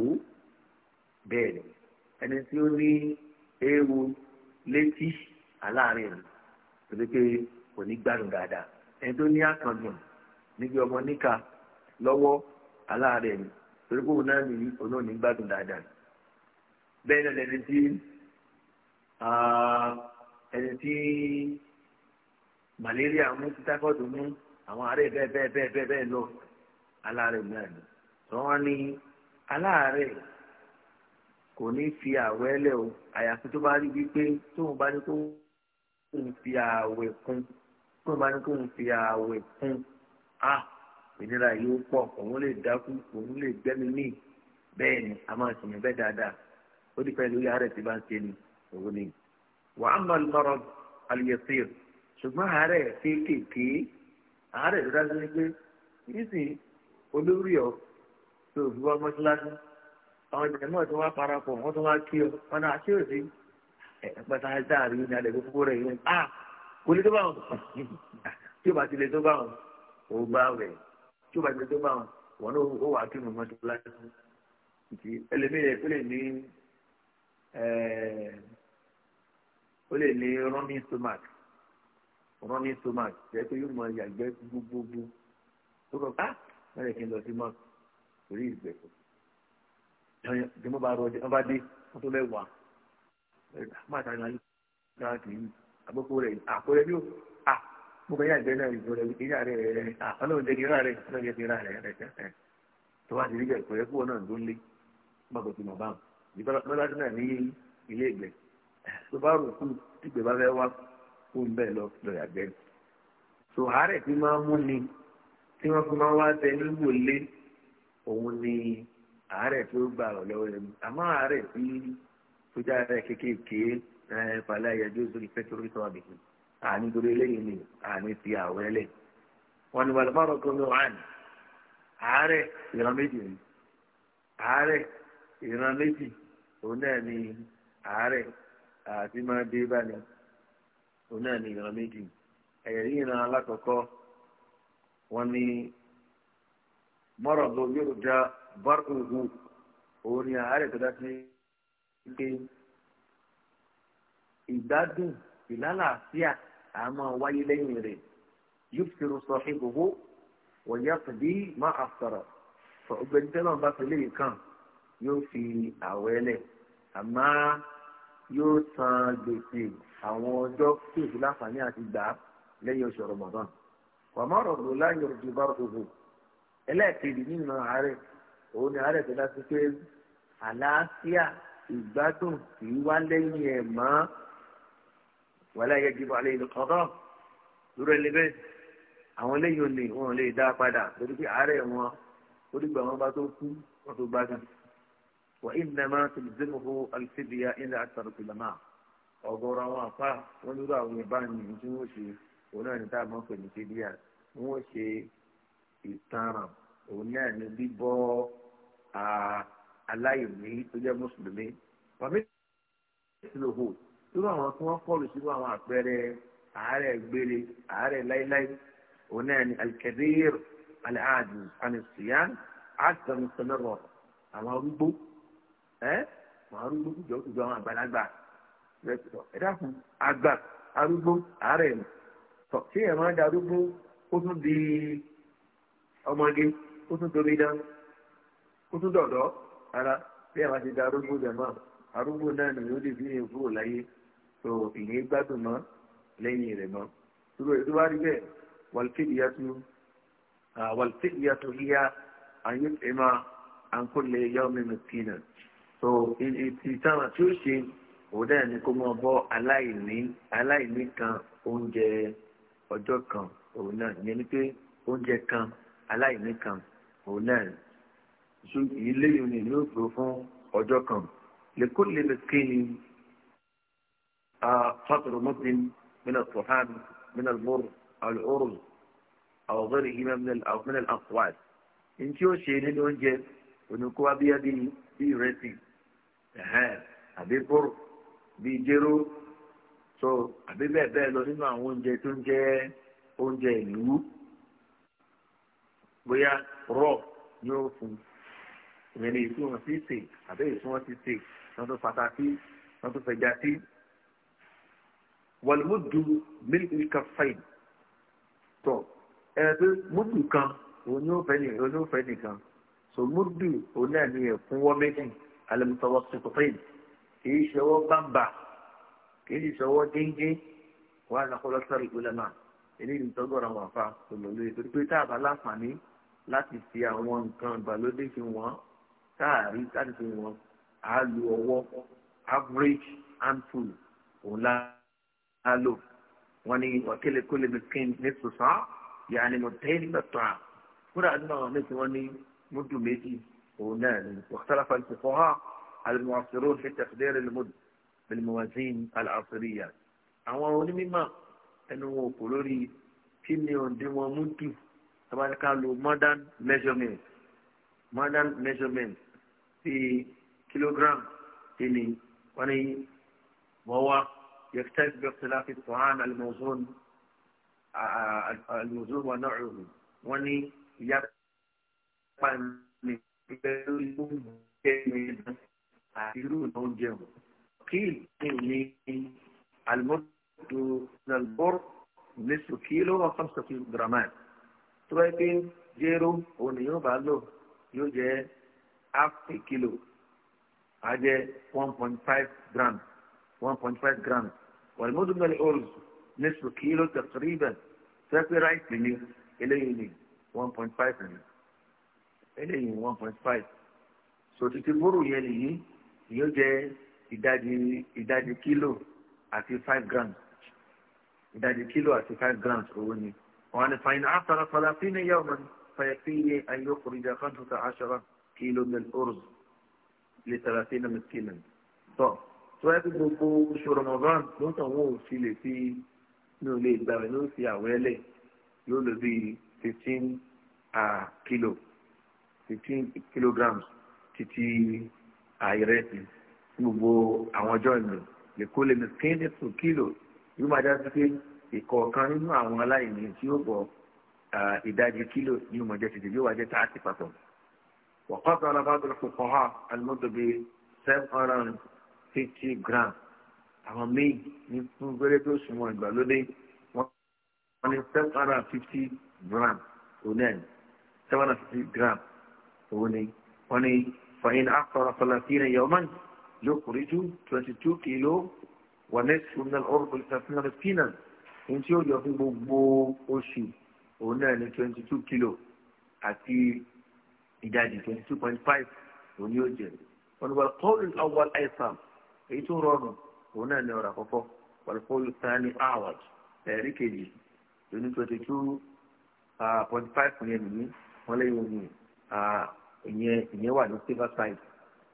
bẹ́ẹ̀ ni ẹni tí ó ní ewu létí aláàárín rẹ̀ pé kò ní gbádùn dáadáa ẹni tó ní àkàndùn níbi ọmọ níka lọ́wọ́ aláàárín rẹ̀ torí náà ní malaria mú títákọ́ọ̀dù mú àwọn àárẹ̀ bẹ́ẹ̀ bẹ́ẹ̀ bẹ́ẹ̀ bẹ́ẹ̀ bẹ́ẹ̀ lọ aláàárẹ̀ náà ni wọ́n ní aláàárẹ̀ kò ní fi àwẹ̀ lẹ̀ o àyàfi tó bá rí wípé tóun bá ní kó ń fi àwẹ̀ kún tóun bá ní kó ń fi àwẹ̀ kún a ìnira yóò pọ̀ òun lè dákú òun lè gbẹ́mi ní bẹ́ẹ̀ ni a máa sìn bẹ́ẹ̀ dáadáa ó dìpẹ́ lórí àárẹ̀ tí bá ń ṣe ni òun ni wàá lọ́rọ̀ àlùyẹ̀sìn ṣùgbọ́n àárẹ̀ kéékèèké àárẹ̀ tó dájú pé nísìn olórí ọ tó fi wá mọ́ṣáláṣí àwọn ìjọba náà tó wá parapọ̀ wọ́n tó wá kí ọ wọn náà ṣé òsì ẹ̀ẹ́dẹ́gbẹ́ta dáàrí ní alẹ́ gbogbo rẹ̀ yẹn ah kò ní tó bá wọn tí o bá ti lè tó bá wọn ò bá wẹ̀ tí o bá ti lè tó bá wọn wọn náà ó wà kí mọ́ṣáláṣí ti ẹlẹ́mìí rẹ̀ kó lè ní ó lè ní rọ́mí stomach running so much jẹ́ pé yóò mọ ìyàgbẹ́ gbogbogbò tó kọ́ ah lọ́yẹ̀ kí n lọ sí mọ́ torí ìgbẹ́ jọmọ bá rọ ọdẹ ọba dé wọ́n tó mẹ́wàá máa ta ìlànà káàkiri àgbẹ̀kọ rẹ̀ àkọrẹ́ ní o ah mo kàn yá ìgbẹ́ náà ìgbẹ́ rẹ̀ ìyá rẹ̀ rẹ̀ ah ọlọ́run jẹ́ kí ra rẹ̀ ọlọ́run jẹ́ kí ra rẹ̀ rẹ̀ tó bá ti rí bẹ́ẹ̀ pẹ̀lú ẹ̀kọ́ náà ló ń lé gbàgbọ́ ti mọ̀ báwọn ìbára mọ́lá náà ní ilé ìgbẹ́ tó bá rò kú ìgbẹ́ bá fẹ́ wá kó ń bẹ́ẹ̀ lọ lọ́yà bẹ́ẹ̀. so àárẹ̀ tí máa ń mú ni tí wọ́n fi máa ń wá tẹ nígbò lé òun ni àárẹ̀ tí ó gbà ọ̀ lọ́wọ́ rẹ̀ mu àmọ́ àárẹ̀ tí tó jẹ́ àárẹ̀ kéékèèké pàlẹ́ àyájọ́ ìsòrí pẹ́tùrú tó wà bìkì àní torí eléyìí ni àní ti àwọ̀ ẹlẹ̀ wọn ni wàlúmọ́ ọ̀rọ̀ kan ní wàhánì àárẹ̀ ìran méjì ni àárẹ̀ ìran méjì òun náà ni àárẹ̀ àti máa dé bá òun náà ní ìran méjì ẹ̀rí ìran alákọ̀ọ́kọ́ wọn ni mọ́rọ̀dọ̀ yóò já bárùkù òun ni àárẹ̀ tó dá sí pé ìgbádùn ìlàlàáfíà àmọ́ wáyé lẹ́yìn rẹ̀ yóò fi rúṣọ ìgbòho wọ̀nyá tàbí má àfọ̀rọ̀ ọgbẹ́ni tẹ́lọ̀ bá fi léyìn kan yóò fi àwẹ̀ lẹ̀ àmọ́ yóò san gbèsè àwọn ọjọ́ tí èsì láǹfààní àti gbà á lẹ́yìn oṣù Ramadan wàmọ́rọ̀ ló láyé òjò bá òhò ẹlẹ́ẹ̀kejì nínú ààrẹ òun ni ààrẹ tó dájú pé àlàáfíà ìgbádùn kì í wá lẹ́yìn ẹ̀ mọ́ wàlẹ́ ayé jìbọ̀ àlẹ́ ìlú kọ́kọ́ lórí ẹni bẹ́ẹ̀ àwọn eléyìí ò lè wọn ò lè dá padà lórí pé ààrẹ wọn ó dìgbà wọn bá tó kú wọn tó gbádùn wà ìnàmá tó ọ̀gọ̀rọ̀ àwọn àfa wọn lórí àwọn ìbáraẹnìyàn tí wọn ṣe òun náà ní tá a máa ń pè ní sídíà wọn ṣe ìtanràn òun náà ní bíbọ́ aláìní tó jẹ́ mùsùlùmí wàmí ìṣòro tó bá àwọn tí wọ́n fọ́ọ̀lù sí àwọn àpẹẹrẹ àárẹ̀ gbére àárẹ̀ láíláí òun náà ní alkadir alhaji anisiyan asan sanarọ àwọn arúgbó ẹ àwọn arúgbó kùjọ kùjọ àwọn àgbàlagbà lẹ́tọ̀ ẹ dákun àgbà arúgbó àárẹ̀ nù tọ̀ ṣé ẹ̀ máa da arúgbó tún di ọmọge ó tún tóbi dán ó tún dọ̀dọ̀ ara bí ẹ̀ máa ti da arúgbó jẹ̀mọ́ arúgbó náà nìyó lè fi yẹn kúrò láyé tó ìyẹn gbádùn mọ́ lẹ́yìn rẹ̀ mọ́ dúró ètò wá rí bẹ́ẹ̀ wàlfíìyàtú híyá àyùtìmá àǹkólé yọ́mí mẹ́tínà tó ìtàn tí ó òun náà ni kó máa bọ́ aláìní aláìní kan oúnjẹ ọjọ́ kan òun náà ìyẹn ni pé oúnjẹ kan aláìní kan òun náà ṣú ìléyìn ni yóò gbó fún ọjọ́ kan lèkó lè lè ké ni fàtúrò mọ́tìn mìíràn tòhán mìíràn mọ́rù àlùhóró àwọ̀gọ́rì ìmọ̀ mìíràn àkùwàd ní tí ó ṣe nínú oúnjẹ onukú abíyá bíi ìrẹsì àbí bọ́rù bíi jéró so àbí bẹ́ẹ̀ bẹ́ẹ̀ lọ nínú àwọn oúnjẹ tó ń jẹ́ oúnjẹ ìlú bóyá rọ ni ó fún ìyẹn ní ìfún wọn sí sè àbí ìfún wọn sí sè wọn tó fata sí wọn tó fẹja sí wàlúmùdù mílíkì kàfáìn tọ ẹ pé múdù kan òun ni ó fẹ́ nìkan òun ni ó fẹ́ nìkan so múdù òun náà ni ẹ̀kún wọ́n méjì alẹ́ mùsọ̀wọ́ sí kòfáìn kì í ṣọwọ́ bàbà kì í ṣọwọ́ déńdé wà lọ́kọ́lọ́ sọ́rí ìgbélẹ́mà eléyìí ń tọ́gọ̀ ọ̀rọ̀ wàfà olólù yìí torí pé tá a bá láǹfààní láti fi àwọn nǹkan ìgbàlódé fi wọ́n táàrí láti fi wọ́n á lu ọwọ́ average handful òun la lò wọ́n ní ọ̀kẹ́lẹ̀ kó lè mẹ́kẹ́ ní sọ̀sán yàrá ni mo tẹ́ nígbà tó a kúrò àdúrà wọn ní tí wọ́n ní mọ́tò méjì òun náà ní ọ̀sán على المعاصرون في تقدير المد بالموازين العصرية أولي مما أنه قلولي كمي وندي ومنتي طبعا قالوا مدن ميجرمنت مدن ميجرمنت في كيلوغرام تيني وني وهو يختلف باختلاف الطعام الموزون آه، آه، الموزون ونوعه وني يبقى àti irú ìlú oúnjẹ wọn kí ìlú ní alimọ́tò zalbor nísò kíló wọn kàn sọ fún dramani tó bá yẹ pé jéró òun ni yóò bá lò yóò jẹ half a kilo á jẹ one point five grams one point five grams wàlúmọ́tò mẹ́lì ọ̀rùs nísò kíló tẹ̀síríbẹ̀ fẹ́ẹ́ ráìtì ni eléyìí ni one point five ni eléyìí one point five so títí bóró yẹn nìyí yóò jẹ ìdajì ìdajì kílò àti five grams ìdajì kílò àti five grams owó ni wọn ni fain afara falafin ni yawma fayafiye ayo kurija kantuta aṣara kílò mil orz lè tàlàfin na miskina tọ tó yẹ kí gbogbo oṣù Ramadan ló ń tàn wọn ò fi lè fi ní olè ìgbà rẹ ló ń yóò lò bí fifteen ah, kilo fifteen kilograms títí àìrẹsì gbogbo àwọn ọjọ́ ìlú èkó lè mìsíkín ní sùn kílò yóò máa dájú pé ìkọ̀ọ̀kan nínú àwọn aláìní tí ó bọ̀ ìdajì kílò ní ìmọ̀jẹ tètè yóò wá jẹ́ tààtì papọ̀. wọ́pọ̀tà alábàdàn fòkàn ha alimọ́tòbi seven hundred and fifty gram àwọn míì ní fún gbére tó sùnmọ́ ìgbàlódé wọ́n ní seven hundred and fifty gram òun ní seven hundred and fifty gram òun ní wọ́n ní. فإن أعطر ثلاثين يوما يخرج 22 كيلو ونصف من الأرض لثلاثين مسكينا إن شاء الله يكون بو أوشي هنا 22 كيلو أتي إدادي 22.5 ونيوجن والقول الأول أيضا إيتو رونو هنا نورا فوق والقول الثاني أعوج تاريكي لأنه 22.5 مليون ولا يومين ìyẹn ìyẹn wà ní silver side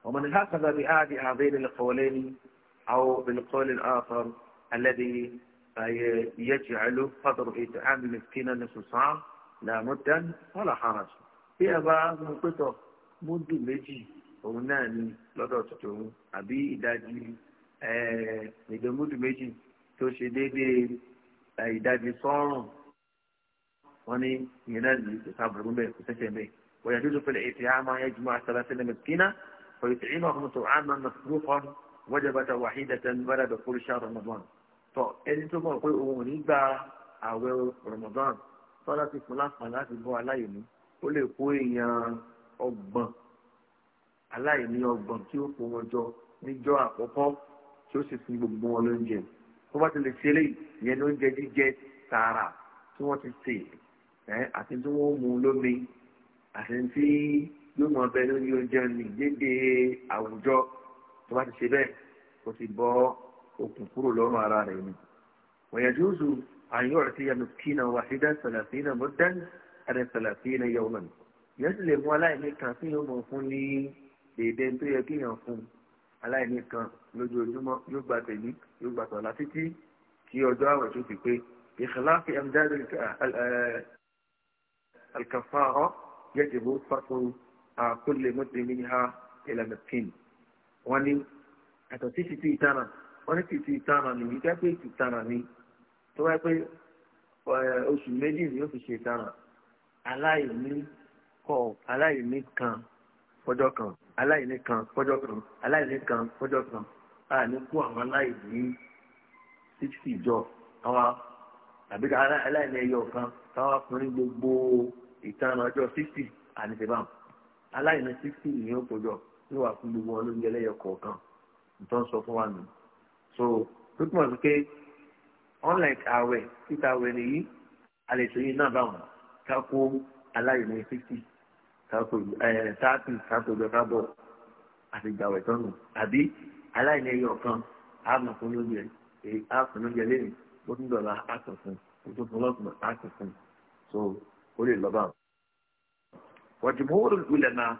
ومن هكذا بأحد هذين القولين أو بالقول الآخر الذي يجعل قدر إطعام مسكين نصف صاع لا مدا ولا حرج bí ẹ bá mú pẹ́tọ̀ múdù méjì òun náà ni lọ́dọ̀ tuntun àbí ìdajì ẹ̀ẹ́dẹ̀ múdù méjì tó ṣe déédéé ìdajì sọ́ọ̀rùn wọn ni ìyẹn náà ní ìsàbùrù bẹ́ẹ̀ kò tẹ́tẹ̀ bẹ́ẹ̀. ويجوز في الإطعام يجمع ثلاثين مسكينا فيطعمهم طعاما مصروفا وجبة واحدة ولا دخول شهر رمضان فإن ثم يقول أمونيبا أو رمضان صلاة فلان فلان في بو aláìní ó lè kó èèyàn ọgbọ̀n aláìní ọgbọ̀n tí ó kó wọn jọ níjọ́ àkọ́kọ́ tí ó sì fún gbogbo wọn lóúnjẹ tó bá ti lè ṣeré ìyẹn lóúnjẹ jíjẹ tààrà tí wọ́n ti sè é àti tí wọ́n mú lómi àti tí yóò mọ ọbẹ̀ lórí oúnjẹ ní dédé àwùjọ tó bá ti ṣe bẹ́ẹ̀ ó ti bọ́ okùn kúrò lọ́rùn ara rẹ̀ ni. wọ̀nyẹ̀dúzù àyọ̀ rẹ̀ ti yanu kínà wà sí dán sàlàfínà mọ́ dán àdán sàlàfínà yọ̀ wọn. ìyẹn sì lè mú aláìní kan tí yóò mọ̀ fún ní dédé tó yẹ kéèyàn fún aláìní kan lójoojúmọ́ yóò gbà tẹ̀lé yóò gbà tọ̀lá títí kí ọjọ́ àwẹ̀ tó fi pé ìkìláfì amdádùn alkafáà يجب صرف كل مد منها إلى مسكين وأن أتوسيسي تيتانا wọ́n ti ti tààrà ní yìí kápẹ́ ti tààrà ní tó wáyé pé oṣù méjì ni yóò fi ṣe tààrà aláìní kọ aláìní kan fọjọ́ kan aláìní kan fọjọ́ kan aláìní kan fọjọ́ kan aláìní kú àwọn aláìní sixty jọ àwọn àbíká aláìní ẹyọ kan táwọn fún ní gbogbo ìtàn ọjọ́ sixty àníṣebáwọn aláìní sixty ìyẹn òkòjọ ní wàá fún gbogbo wọn lóúnjẹ lẹ́yọ kọ̀ọ̀kan nǹkan sọ fún wa nù so tó túmọ̀ sí pé unlike ààwẹ̀ títa ààwẹ̀ nìyí àlejò yìí náà báwọn ká kó aláìní sixty ká kó ẹ thirty ká kó jọ ká bọ̀ àti ìgbàwẹ̀ tán nù àbí aláìní ẹyọ kan àmọ̀ fún lóúnjẹ àfún lóúnjẹ lẹ́yìn bó tún dọ̀la àtọ̀ fún bó tún fún lọ́sùn àtọ̀ fún so ó lè lọ bá wọn. wọ́n ti mú wọ́n lulẹ̀ náà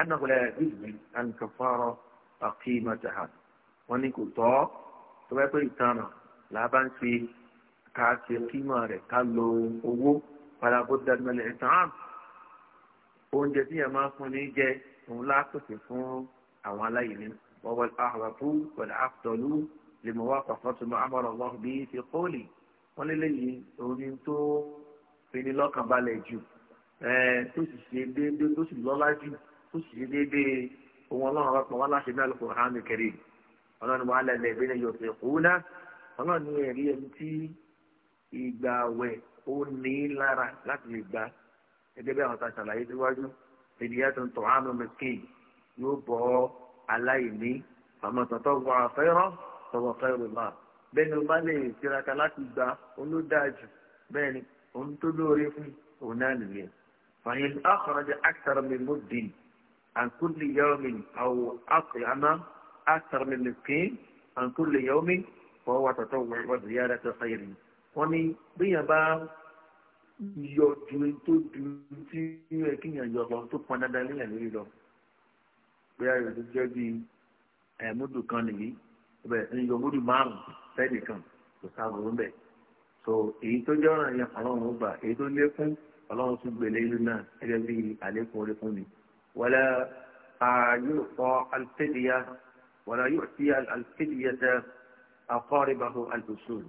anagunlẹ̀ bíbí ànkàfọ́rọ̀ àkìmọ̀tàhà wọ́n ní kò tọ́ tó bá pẹ́ ìtànà làbá ń fi ká ṣe kímọ̀ rẹ̀ ká lo owó padà bó dàgbẹ́lẹ̀ ìtàn oúnjẹ tí yẹn máa fún ní jẹ òun lápèsè fún àwọn aláìní wọ́wọ́ àhàbàkú pẹ̀lú àfọ̀lù lè mọ̀ wá pàfọ́tùmọ̀ àmọ̀ràn wọn bí ṣe kóòlì wọ́n lélẹ́yìn òun ni tó fini lọ́kànbalẹ̀ jù tó sì ṣe déédéé tó sì lọ́lá jù tó sì ṣe déédéé ohun ọlọ́run bá pa wá láṣẹ ní Al-Qur'an Al-Karim ọlọ́run wà lẹ́lẹ̀ ìgbéná yọ̀ọ̀fẹ́ kúnà ọlọ́run ní ẹ̀rí ẹni tí ìgbà wẹ̀ ó ní lára láti lè gbà gẹ́gẹ́ bí àwọn ta ṣàlàyé síwájú ènìyàn tó ń tọ̀ hánú mẹ́kìn yóò bọ́ aláìní àmọ́ tọ̀tọ̀ wọ àfẹ́rọ́ tọ̀wọ̀ fẹ́ràn bẹ́ẹ̀ ni ó bá lè tiraka láti gbà olódàájú bẹ́ẹ̀ ni òun tó lóore fún òun náà nìyẹn fàyẹn àkọrọjẹ àtàrà mi mú dín àǹkúlì yàwó mi àwọ àpè àmà àtàrà mi mi kín àǹkúlì yàwó mi fọwọ́ wà tọ̀tọ̀ wọ́n ti yára tó sáyẹ̀ mi. wọ́n ní bíyàn bá yọ ju tó ju tí yẹ kíyàn yọ lọ tó pọn dandan léyàn lórí lọ pé ayọ̀ tó jẹ́ bíi ẹ̀múdù kan nìyí ó bẹ̀rẹ̀ sí yọ múdù márùn-ún fẹ́ẹ̀nì kan kò sáà bò ó so èyí tó jẹ́ ọ̀ràn yẹn ọlọ́run ó gbà èyí tó lékún ọlọ́run tún gbèlè ìlú náà gẹ́gẹ́ bí àlékún orí fún mi wala yóò kọ́ alfẹ́dìyà wala yóò sí alfẹ́dìyà tẹ akọ́rìbàbọ̀ alùsùn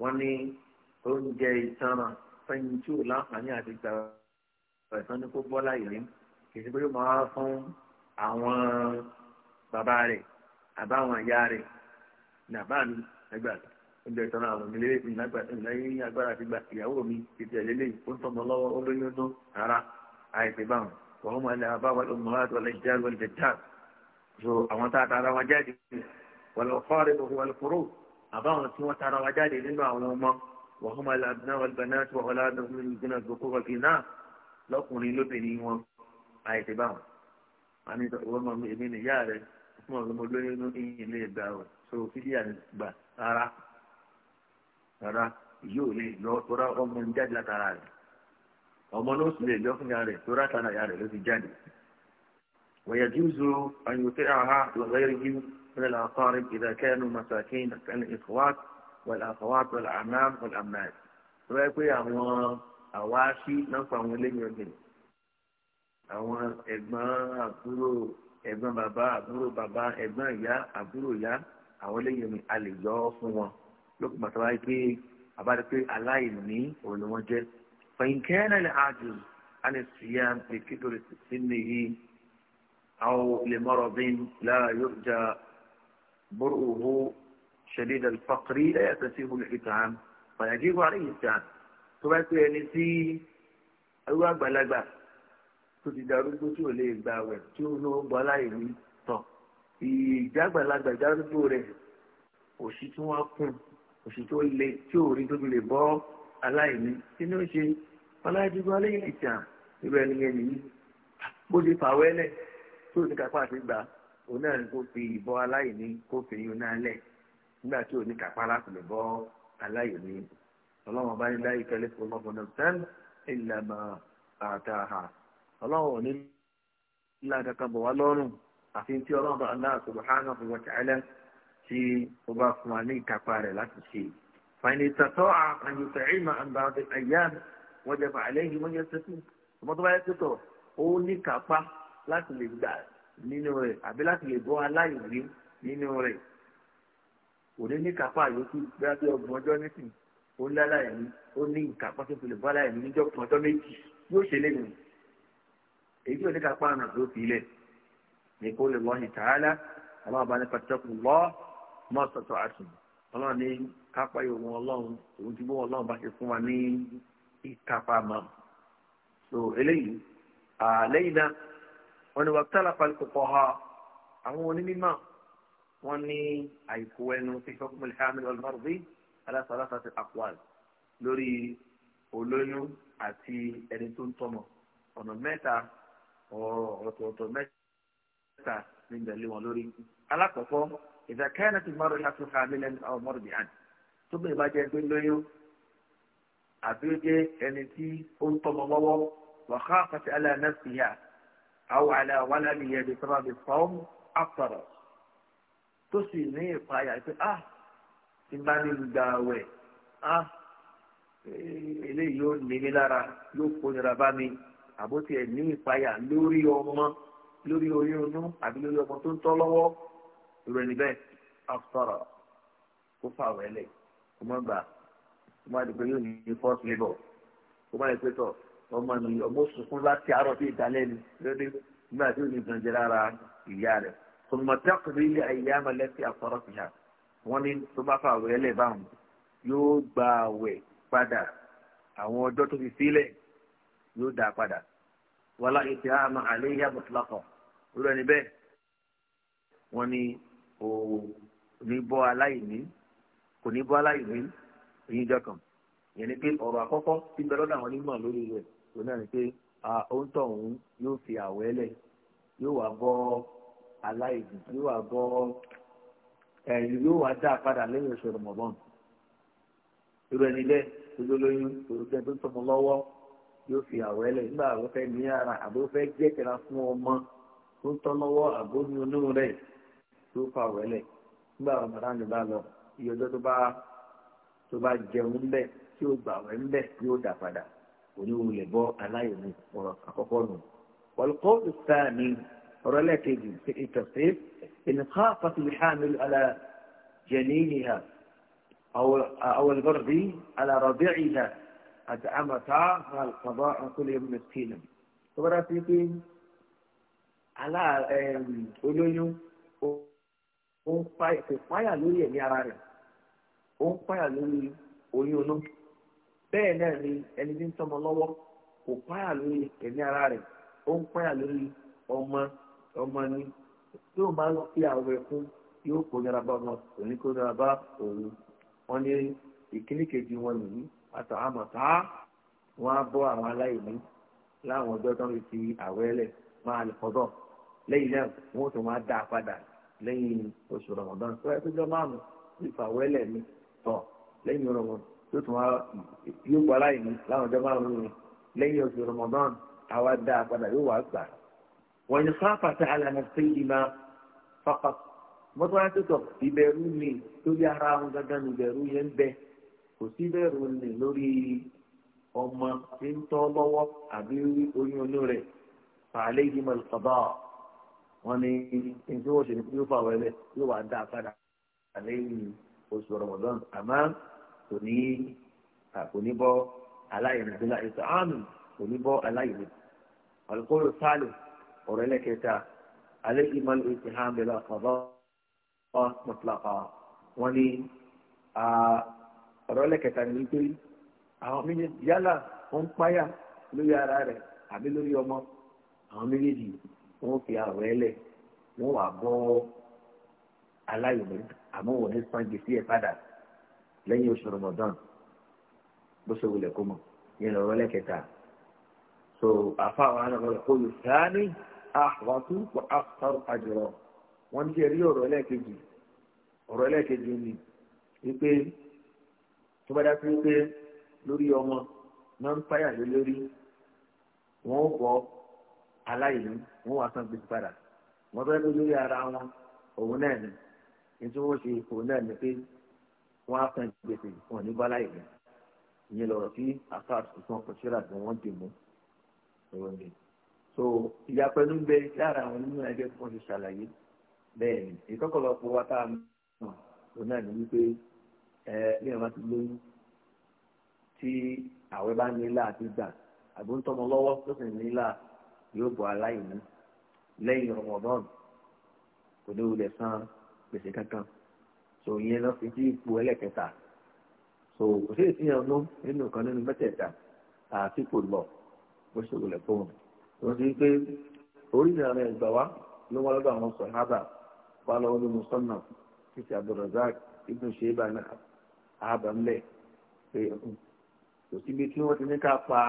wọ́n ní oúnjẹ ìtanràn fẹ́yìn tí ò láǹfààní àti gbà ẹ̀sán ní kó bọ́lá ìrìn kì í pé máa fún àwọn bàbá rẹ̀ àbáwọn ìyá rẹ̀ nàbá mi ẹgbàá oúnjẹ ìtọ́nà àwọn ilé ìlẹ́yìn agbára àti gba ìyàwó mi títí ẹ̀lẹ́lẹ́ ó ń tọmọ lọ́wọ́ ó lóyún ọdún ara àìsè báwọn wọ́n mọ̀ ilẹ̀ àbáwọ̀ ọmọláàtì wọlé ìjáàlú wọlé ìjáàl so àwọn tá a tara wọn jáde wọlé ọkọọrẹ gbogbo wọlé kúrò àbáwọn tí wọ́n tara wọn jáde nínú àwọn ọmọ wọ́n mọ̀ ilẹ̀ àbúná wọlé bẹ̀rẹ̀ tí wọ́n lọ́dún nínú ìgbìnà gbogbo wọlé náà lọ́kùnrin lóbìnrin wọn àìsè báwọn àmì wọ́n mọ̀ èmi nìyá rẹ̀ fún ọ̀gbọ́n lóyún ní ilé ìgbà rẹ̀ so fídíà gbà rárá rárá yóò lè lọ tóra ọmọ ń jáde látara rẹ̀ ọmọ náà sì lè lọ fún ya rẹ̀ tóra tara ya rẹ̀ ló ti jáde. ويجوز أن يطيعها لغيره من الأقارب إذا كانوا مساكين كالإخوات والأخوات والأعمام والأمات. ويقول àwọn àwáṣí náà fún àwọn eléyìí ọ̀gbìn àwọn ẹ̀gbọ́n àbúrò ẹ̀gbọ́n bàbá àbúrò bàbá ẹ̀gbọ́n ìyá àbúrò ìyá àwọn eléyìí ọ̀gbìn a lè yọ ọ́ fún wọn lópin bàtà wáyé pé àbáde pé aláìní òun ni wọ́n jẹ́ fẹ̀yìnkẹ́ náà lè àjò àni síyá lè kékeré sí nìyí àwọn lè mọ̀rọ̀ lára yóò jà bóruhu شديد الفقر لا يكتسب الحكام فيجب عليه التعب tó bá pé ẹni tí ẹrú àgbàlagbà tó ti darúgbó tí ò lè gbà wẹ̀ tí ó ló gbọ́ láìní tọ̀ ìjà àgbàlagbà ìdárúgbó òṣì tí wọ́n kùn òṣì tó le tí ò rí tóbi lè bọ́ aláìní kí ni ó ṣe ọláìdúgbò aléyìn ìtàn irú ẹni yẹn nìyí bó ti fàwẹ́lẹ̀ tó ní kápá àti gbà òun náà kó fi ìbọn aláìní kó fi yún náà lẹ̀ nígbà tí òun ní kápá láti lè bọ́ aláìní ọlọ́run ọba ní láyé kẹlẹ́ fún ọmọkùnrin tán ìlànà àtàhà ọlọ́run ò ní láti kankan bọ̀ wá lọ́rùn àfi tí ọlọ́run bá aláàtò bọ̀ hánà tí ó bá fún wa ní ìkápá rẹ̀ láti ṣe. fàìní tàtọ́ àyùtọ̀ ìmọ̀ àǹbá ẹ̀yà wọ́n jẹ́ fà àlẹ́yìn wọ́n yẹ sẹ́kù ọmọ tó bá yẹ pẹ́tọ̀ ó ní kápá láti lè gbà nínú rẹ̀ àbí láti lè bọ́ aláìní nínú rẹ̀ kò ní ní kápá yòókù bí a bí ọgbọ̀n ọjọ́ nísìnyí ó ní aláìní ó ní ìkápá tó fi lè bọ́ aláìní níjọ́ kan ọjọ́ méjì yóò ṣe lẹ́nu èyí ò ní kápá àná tó fi lẹ̀ ní kó lè wọ́n mọ́tòtò àtùn ọlọ́run ní kápá ìwọ̀n ọlọ́run òun ti bó ọlọ́run bá ṣe fún wa ní ìkápá mọ́ so eléyìí àlẹ́yìn náà wọn ni wàtálà palikọ̀kọ̀ ha àwọn onímọ̀ wọn ní àìkú ẹnu fífọ́ kúmọ̀lẹ́ hàmì ọlọ́rùbí alásàlásà ti àkùwàl lórí olóyún àti ẹni tó ń tọmọ ọ̀nà mẹ́ta ọ̀rọ̀ ọ̀tọ̀ọ̀tọ̀ mẹ́ta nígbà lé wọn lórí alákọ̀ọ́kọ́. إذا كانت المرأة حاملا أو مرضعا ثم ما جاء له أبيك أنتي أنت الله وخافت على نفسها أو على ولدها بسبب الصوم أفطرت تسيني فايا أه تماني الداوي أه eléyìí yóò ní mi lára yóò أبوتي bá mi àbótiẹ̀ ní ìpayà lórí ọmọ lórí oyún inú irú ẹni bẹ́ẹ̀ afọ́rọ̀ kó fà wẹ́lẹ̀ kó má gbà kó má dìgbò yóò ní first labour kó má dìgbò tọ̀ ọmọ mi ọmọ sunkún láti àárọ̀ bí ìdálẹ́ ni lóde nígbà tí ò ní gbọ̀njẹ́ lára ìyá rẹ̀ tòmọ̀tẹ́kùnrin ilé ayé amọ̀lẹ́sí afọ́rọ̀ fìyà wọ́n ní tó bá fà wẹ́lẹ̀ báwọn yóò gba àwẹ̀ padà àwọn ọjọ́ tó fi sílẹ̀ yóò dá padà wàlá ìtìhámà àléyà mọ̀tìlákọ̀ wọ́n ní o ní bọ́ aláìní kò ní bọ́ aláìní ìyín jọ kan ìyẹn ni pé ọ̀rọ̀ àkọ́kọ́ tí bẹ lọ́dọ̀ àwọn onímọ̀ lórí rẹ̀ òun náà ni pé oúntọ̀ òun yóò fi àwẹ̀ lẹ̀ yóò wá bọ́ aláìní yóò wá bọ́ yóò wá dá padà lẹ́yìn oṣù rọmọbọ́n irú ẹni bẹ́ẹ̀ ojú olóyún òrùkẹ́ tó ń tọmọ lọ́wọ́ yóò fi àwọ̀ ẹlẹ̀ nígbà àwọ̀ fẹ́ ní ara àbó fẹ́ jẹ́ kẹra fún ọmọ tó ń tọ́ lọ́wọ́ àbó ní onírun rẹ̀ tó fa wẹ́lẹ̀ nígbà ramadan bá lọ iye ọjọ́ tó bá tó bá jẹun bẹ́ tí ó gbà wẹ́ bẹ́ yóò dà padà oníwòrán lè bọ́ aláìní ọ̀rọ̀ àkọ́kọ́ nù. wọ́lùkọ́ ìsáàmì ọ̀rọ̀ lẹ́ẹ̀kejì ṣe ìtọ̀sí ìnìkà fàtìlìhàmìlì alá jẹ̀nìyìnìhà àwọn ìbọ̀rọ̀bí alá rọbì yìí ha àti àmàtà àlùkọ́bọ̀ àkúlẹ̀ mẹ́sìkìnà. tó bá dá sí pé aláà olóyún ó ń páyà kò páyà lórí ẹ̀mí ara rẹ̀ ó ń páyà lórí oyún olóyún bẹ́ẹ̀ náà ni ẹni tí ń tọ́mọ lọ́wọ́ kò páyà lórí ẹ̀mí ara rẹ̀ ó ń páyà lórí ọmọ ọmọ ni tí ó máa ń fi àwọn ẹ̀kún yóò kó nira bá ọmọ òní kó nira bá òun wọn ní ìkíní kejì wọn nìyí àtàwọn àmọ̀tá wọn á bọ́ àwọn aláìní láwọn ọjọ́ tó ń fi àwẹ̀ lẹ̀ máa lè kọ́ bọ̀ lẹ́yìn náà wọn ò tún máa dá a padà lẹ́yìn oṣù rọmọdán tó yẹ kójọ márùn ìfàwẹ́lẹ̀ ni tọ̀ lẹ́yìn rọmọdán tó tún wá yóò gba láì ní láwọn ọjọ́ márùn ní lẹ́yìn oṣù rọmọdán àwa dá a padà yóò wá gbà. wọ́n ní sáfà tí alànà sí ìmọ̀ fọ́kọ̀ mọ́tò wá tó tọ̀ ìbẹ̀rù mi lórí ara wọn gángan ìbẹ̀rù yẹn ń bẹ kò sí bẹ̀rù mi lórí ọmọ tí ń tọ́ lọ́wọ́ àbí oyún oyún rẹ̀ fàlẹ́ ìgbìmọ̀ ìfọ̀bọ̀ wọ́n ní ní tí wọ́n ṣe ní kí yóò fà wẹ́lẹ̀ yóò wà dá padà lẹ́yìn oṣù rọmọdán àmọ́ kò ní kò ní bọ́ aláìní àbílà ètò àmì kò ní bọ́ aláìní alukóró sálẹ̀ ọ̀rọ̀ ẹlẹ́kẹta alẹ́ ìmọ̀lẹ́ ètò àmì lọ àkàbọ̀ ọ̀ mọ̀tìlápá wọ́n ní ọ̀rọ̀ ẹlẹ́kẹta ní wípé àwọn méjèèjì yálà wọ́n ń páyà lórí ara rẹ̀ àbí lórí ọmọ àwọn méjèèjì wọ́n fi àwọ̀ ẹlẹ̀ wọ́n wà bọ́ aláìwé àmọ́ wọ́n ní san gbèsè ẹ̀ padà lẹ́yìn oṣù rọmọdán bó ṣe wulẹ̀ kó mọ̀ yẹn lọ́rọ́ lẹ́kẹta so àfa àwọn anamọ̀lẹ̀ kó lù sáání àwàtú kò àfàrù àjọrọ wọ́n ti rí ọ̀rọ̀ ẹlẹ́ẹ̀kejì ọ̀rọ̀ ẹlẹ́ẹ̀kejì ni wípé tó bá dá sí wípé lórí ọmọ náà ń fáyà lé lórí wọ́n bọ́ aláìní wọn wá san gbèsè padà wọn fẹ́ kó lórí ara wọn òun náà ni nítorí wọn ṣe òun náà ni pé wọn á san gbèsè wọn ní bala ìlú ìyẹn lọ̀rọ̀ tí afáà tuntun kọsíra tí wọn dì mú òun ni so ìyapẹnu bẹ lára àwọn nínú ẹgbẹ́ tí wọn ti ṣàlàyé bẹ́ẹ̀ ni ìkọkọlọpọ wa tá a mọ òun náà ni wípé ẹ ní ìrántí ti lóyún tí àwẹ bá nílá àti gbà àbúntọmọ lọ́wọ́ tó sì nílá àti yóò bọ́ aláìní lẹ́yìn Ramadan kò ní wulẹ̀ san gbèsè kankan so ìyẹn lọ fi sí ipò ẹlẹ́kẹta so kò sí ìsìnyàn mú nínú kan nínú mẹ́tẹ̀ẹ̀ta àti kò lọ bó ṣe wulẹ̀ fóun wọ́n ti pé orílẹ̀ àwọn ẹgbà wa ló wá lọ́dọ̀ àwọn sọ̀hábà wà lọ́wọ́ nínú sọ́nà títí Abdulrazak ibùn ṣèbà náà àbá ńlẹ̀ pé kò síbi tí wọ́n ti ní ká pa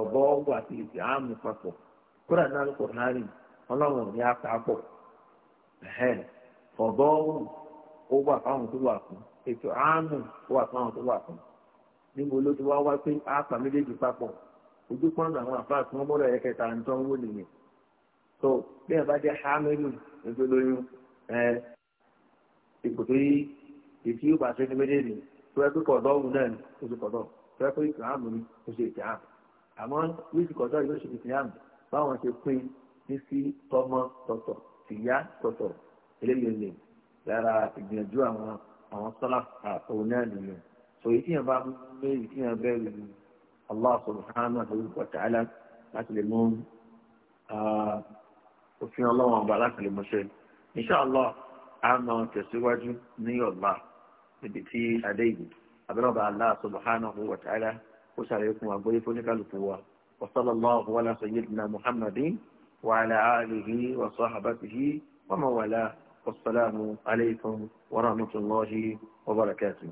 ọ̀bọ̀ ọ̀gbọ̀ àti ìsì àmì papọ̀ kúrò náà kò hánì ọlọ́run ní apapọ̀ ọ̀bọ̀wù ó wà fáwọn tó wà fún ètò àánú ó wà fáwọn tó wà fún níbo ló ti wá wá pé àpà méjèèjì papọ̀ ojú kan náà àwọn àfáà tí wọ́n bọ́dọ̀ yẹ kẹta ń tán wó nìyẹn tó bí ẹ bá jẹ́ hamilu ètò lóyún ẹ ipò tó yí ètí yóò bá ṣe ní méjèèjì tó yẹ pé kọ̀dọ̀ ọ̀hún náà ni oṣù kọ̀dọ̀ tó yẹ pé ìtàn àmì oṣù ìtàn àmọ́ wíṣù kọ̀dọ̀ yóò ṣe ìtàn àmì báwọn ṣe pín ní sí tọmọ tọ̀tọ̀ tìyá tọ̀tọ̀ eléyìí lára ìgbìyànjú àwọn àwọn sọlá àtòun náà nìyẹn sòyí tí yẹn bá méjì tí yẹn bẹ́ẹ̀ lù Allah subhanahu wa ta'ala láti lè mú òfin ọlọ́wọ́n ọba láti lè mọṣẹ́ inshallah a máa tẹ̀síwájú ní ọ̀la níbi tí adé ìlú abẹ́rẹ́ ọba Allah subhanahu wa ta'ala ó ṣàlàyé fún wa gbóyè fún oníkàlùkù wa. وصلى الله على سيدنا محمد وعلى آله وصحبه ومن والاه والسلام عليكم ورحمة الله وبركاته